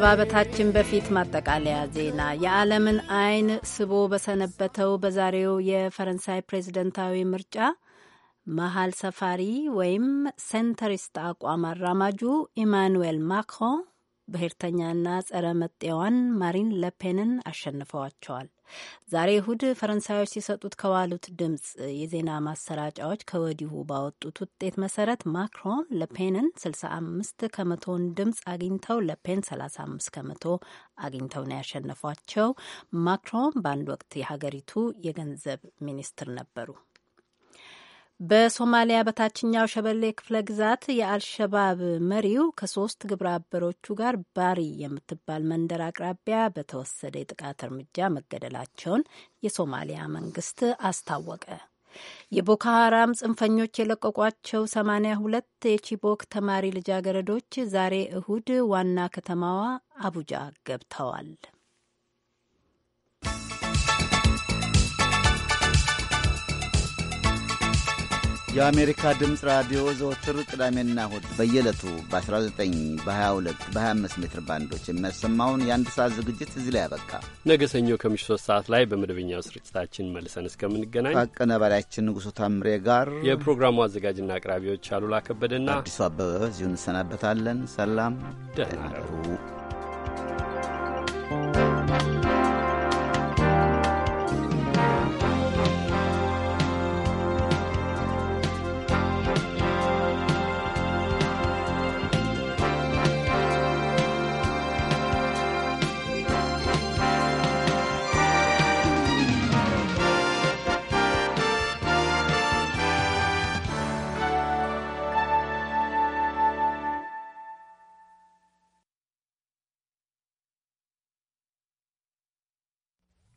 ከመሰነባበታችን በፊት ማጠቃለያ ዜና። የዓለምን አይን ስቦ በሰነበተው በዛሬው የፈረንሳይ ፕሬዝደንታዊ ምርጫ መሀል ሰፋሪ ወይም ሴንተሪስት አቋም አራማጁ ኢማኑዌል ማክሮን ብሔርተኛና ጸረ መጤዋን ማሪን ለፔንን አሸንፈዋቸዋል። ዛሬ እሁድ ፈረንሳዮች ሲሰጡት ከዋሉት ድምፅ የዜና ማሰራጫዎች ከወዲሁ ባወጡት ውጤት መሰረት ማክሮን ለፔንን 65 ከመቶን ድምፅ አግኝተው ለፔን 35 ከመቶ አግኝተው ነው ያሸነፏቸው። ማክሮን በአንድ ወቅት የሀገሪቱ የገንዘብ ሚኒስትር ነበሩ። በሶማሊያ በታችኛው ሸበሌ ክፍለ ግዛት የአልሸባብ መሪው ከሶስት ግብረ አበሮቹ ጋር ባሪ የምትባል መንደር አቅራቢያ በተወሰደ የጥቃት እርምጃ መገደላቸውን የሶማሊያ መንግስት አስታወቀ። የቦኮ ሀራም ጽንፈኞች የለቀቋቸው ሰማንያ ሁለት የቺቦክ ተማሪ ልጃገረዶች ዛሬ እሁድ ዋና ከተማዋ አቡጃ ገብተዋል። የአሜሪካ ድምፅ ራዲዮ ዘወትር ቅዳሜና እሁድ በየዕለቱ በ19 በ22 በ25 ሜትር ባንዶች የሚያሰማውን የአንድ ሰዓት ዝግጅት እዚህ ላይ ያበቃ። ነገ ሰኞ ከምሽቱ ሶስት ሰዓት ላይ በመደበኛው ስርጭታችን መልሰን እስከምንገናኝ ከአቀናባሪያችን ንጉሡ ታምሬ ጋር የፕሮግራሙ አዘጋጅና አቅራቢዎች አሉላ ከበደና አዲሱ አበበ እዚሁ እንሰናበታለን። ሰላም፣ ደህና እደሩ።